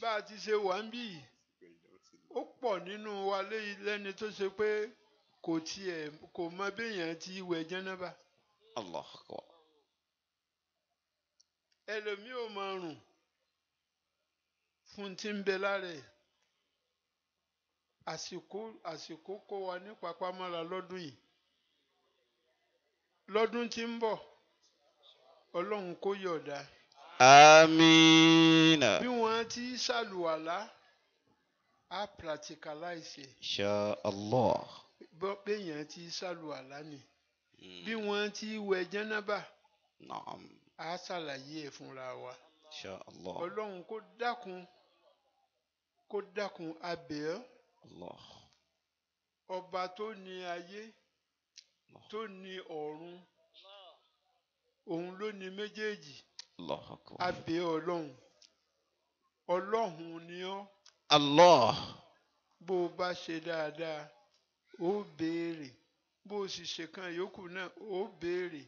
bá a ti ṣe wà ń bì yìí ó pọ̀ nínú wa lẹ́ni tó ṣe pé kò tiẹ̀ kò mọ béèyàn ti wẹ̀ jẹ́nẹ́bà. Allah akbar. ẹlòmíì ò máa rùn fún ti ń bẹ lára ẹ̀ àsìkò àsìkò kó wa ní papámọ́ra lọ́dún yìí lọ́dún tí ń bọ̀ ọlọ́run kó yọ̀ọ̀dá. amina. bí wọ́n ti ṣàlùwàlá á practicalize. ṣá Allah. bọ́ péyàn ti ṣàlùwàlá ni hmm. bí wọ́n ti wẹ̀ jẹ́nàbà á ṣàlàyé ẹ̀ fúnra wa. Allah. ọlọ́run kó dákun kó dákun abẹ́ Allah. ọba tó ni ayé tó ni ọ̀run òun ló ni méjèèjì abẹ ọlọ́run ọlọ́run ni ọ́. Allah. bó o bá ṣe dáadáa ó béèrè bó o sì ṣe kan yòókù náà ó béèrè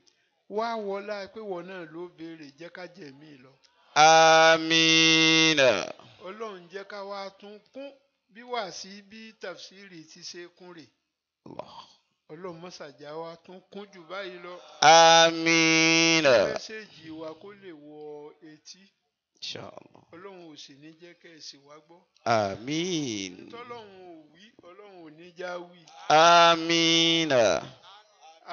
wá wọlá pé wọn náà ló béèrè jẹ́ ká jẹ̀mí lọ. amiina. ọlọ́run jẹ́ ká wá tún kún bí wàá sí bí tafsiri ti ṣe kún rè ọlọ́run mọ́sàjà wa tún kún jù báyìí lọ. amiina. mẹ́sẹ̀gì wa kó lè wọ etí. ọlọ́run ò sì ní jẹ́ kẹ́ ẹ̀ sì wá gbọ́. amiin. tọ́lọ́run ò wí ọlọ́run ò ní já wí. amiina.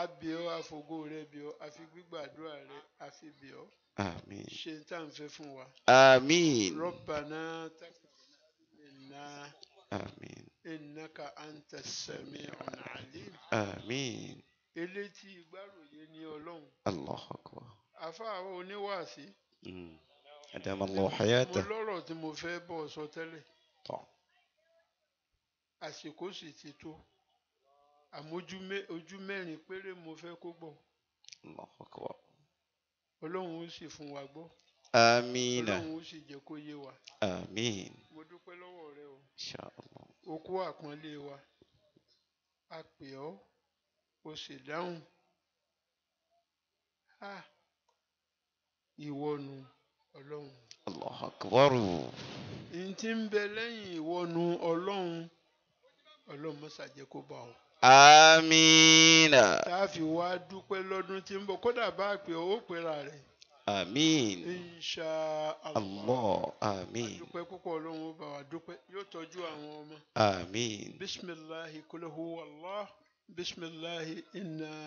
a bẹ̀ ọ́ àfògo rẹ bẹ̀ ọ́ àfi gbígbàdúrà rẹ àfi bẹ̀ ọ́. amiin. ṣe tá à ń fẹ́ fún wa. amiin. rọ́bà náà tàkùn náà. Àmín. Innaka anta sami'un alim. Àmín. Elétí ìgbàròyé ní Ọlọ́run. Allahu akbar. Àfáà oníwàásí. Hmm. Adama Allah hayata. Mo lọ́rọ̀ tí mo fẹ́ bọ̀ sọ tẹ́lẹ̀. Tọ́. Àsìkò sì ti tó. Àmọ́ ojú mẹ́rin péré mo fẹ́ kó gbọ́. Allahu akbar. Ọlọ́run ó sì fún wa gbọ́. Amina. Ọlọ́run ó sì jẹ́ kó yé wa. Amin. Mo dúpẹ́ lọ́wọ́ Inshallah. Okú àpọ́nlé wa, a pè ọ́, o sì dáhùn. Ha! Ìwọ Ọlọ́run. Allahu Akbar. N ń bẹ lẹ́yìn ìwọ Ọlọ́run, Ọlọ́run mọ́sà jẹ́ kó bá ọ. Amina. Tá a fi wá dúpẹ́ lọ́dún tí ń bọ̀, kódà bá a pè ọ́, ó pera rẹ̀. àmín. insha allah àmín. adúpẹ́ púpọ̀ ọlọ́run ó bá yóò tọ́jú àwọn ọmọ. àmín. bisimilahi kuluhu allah bisimilahi inna.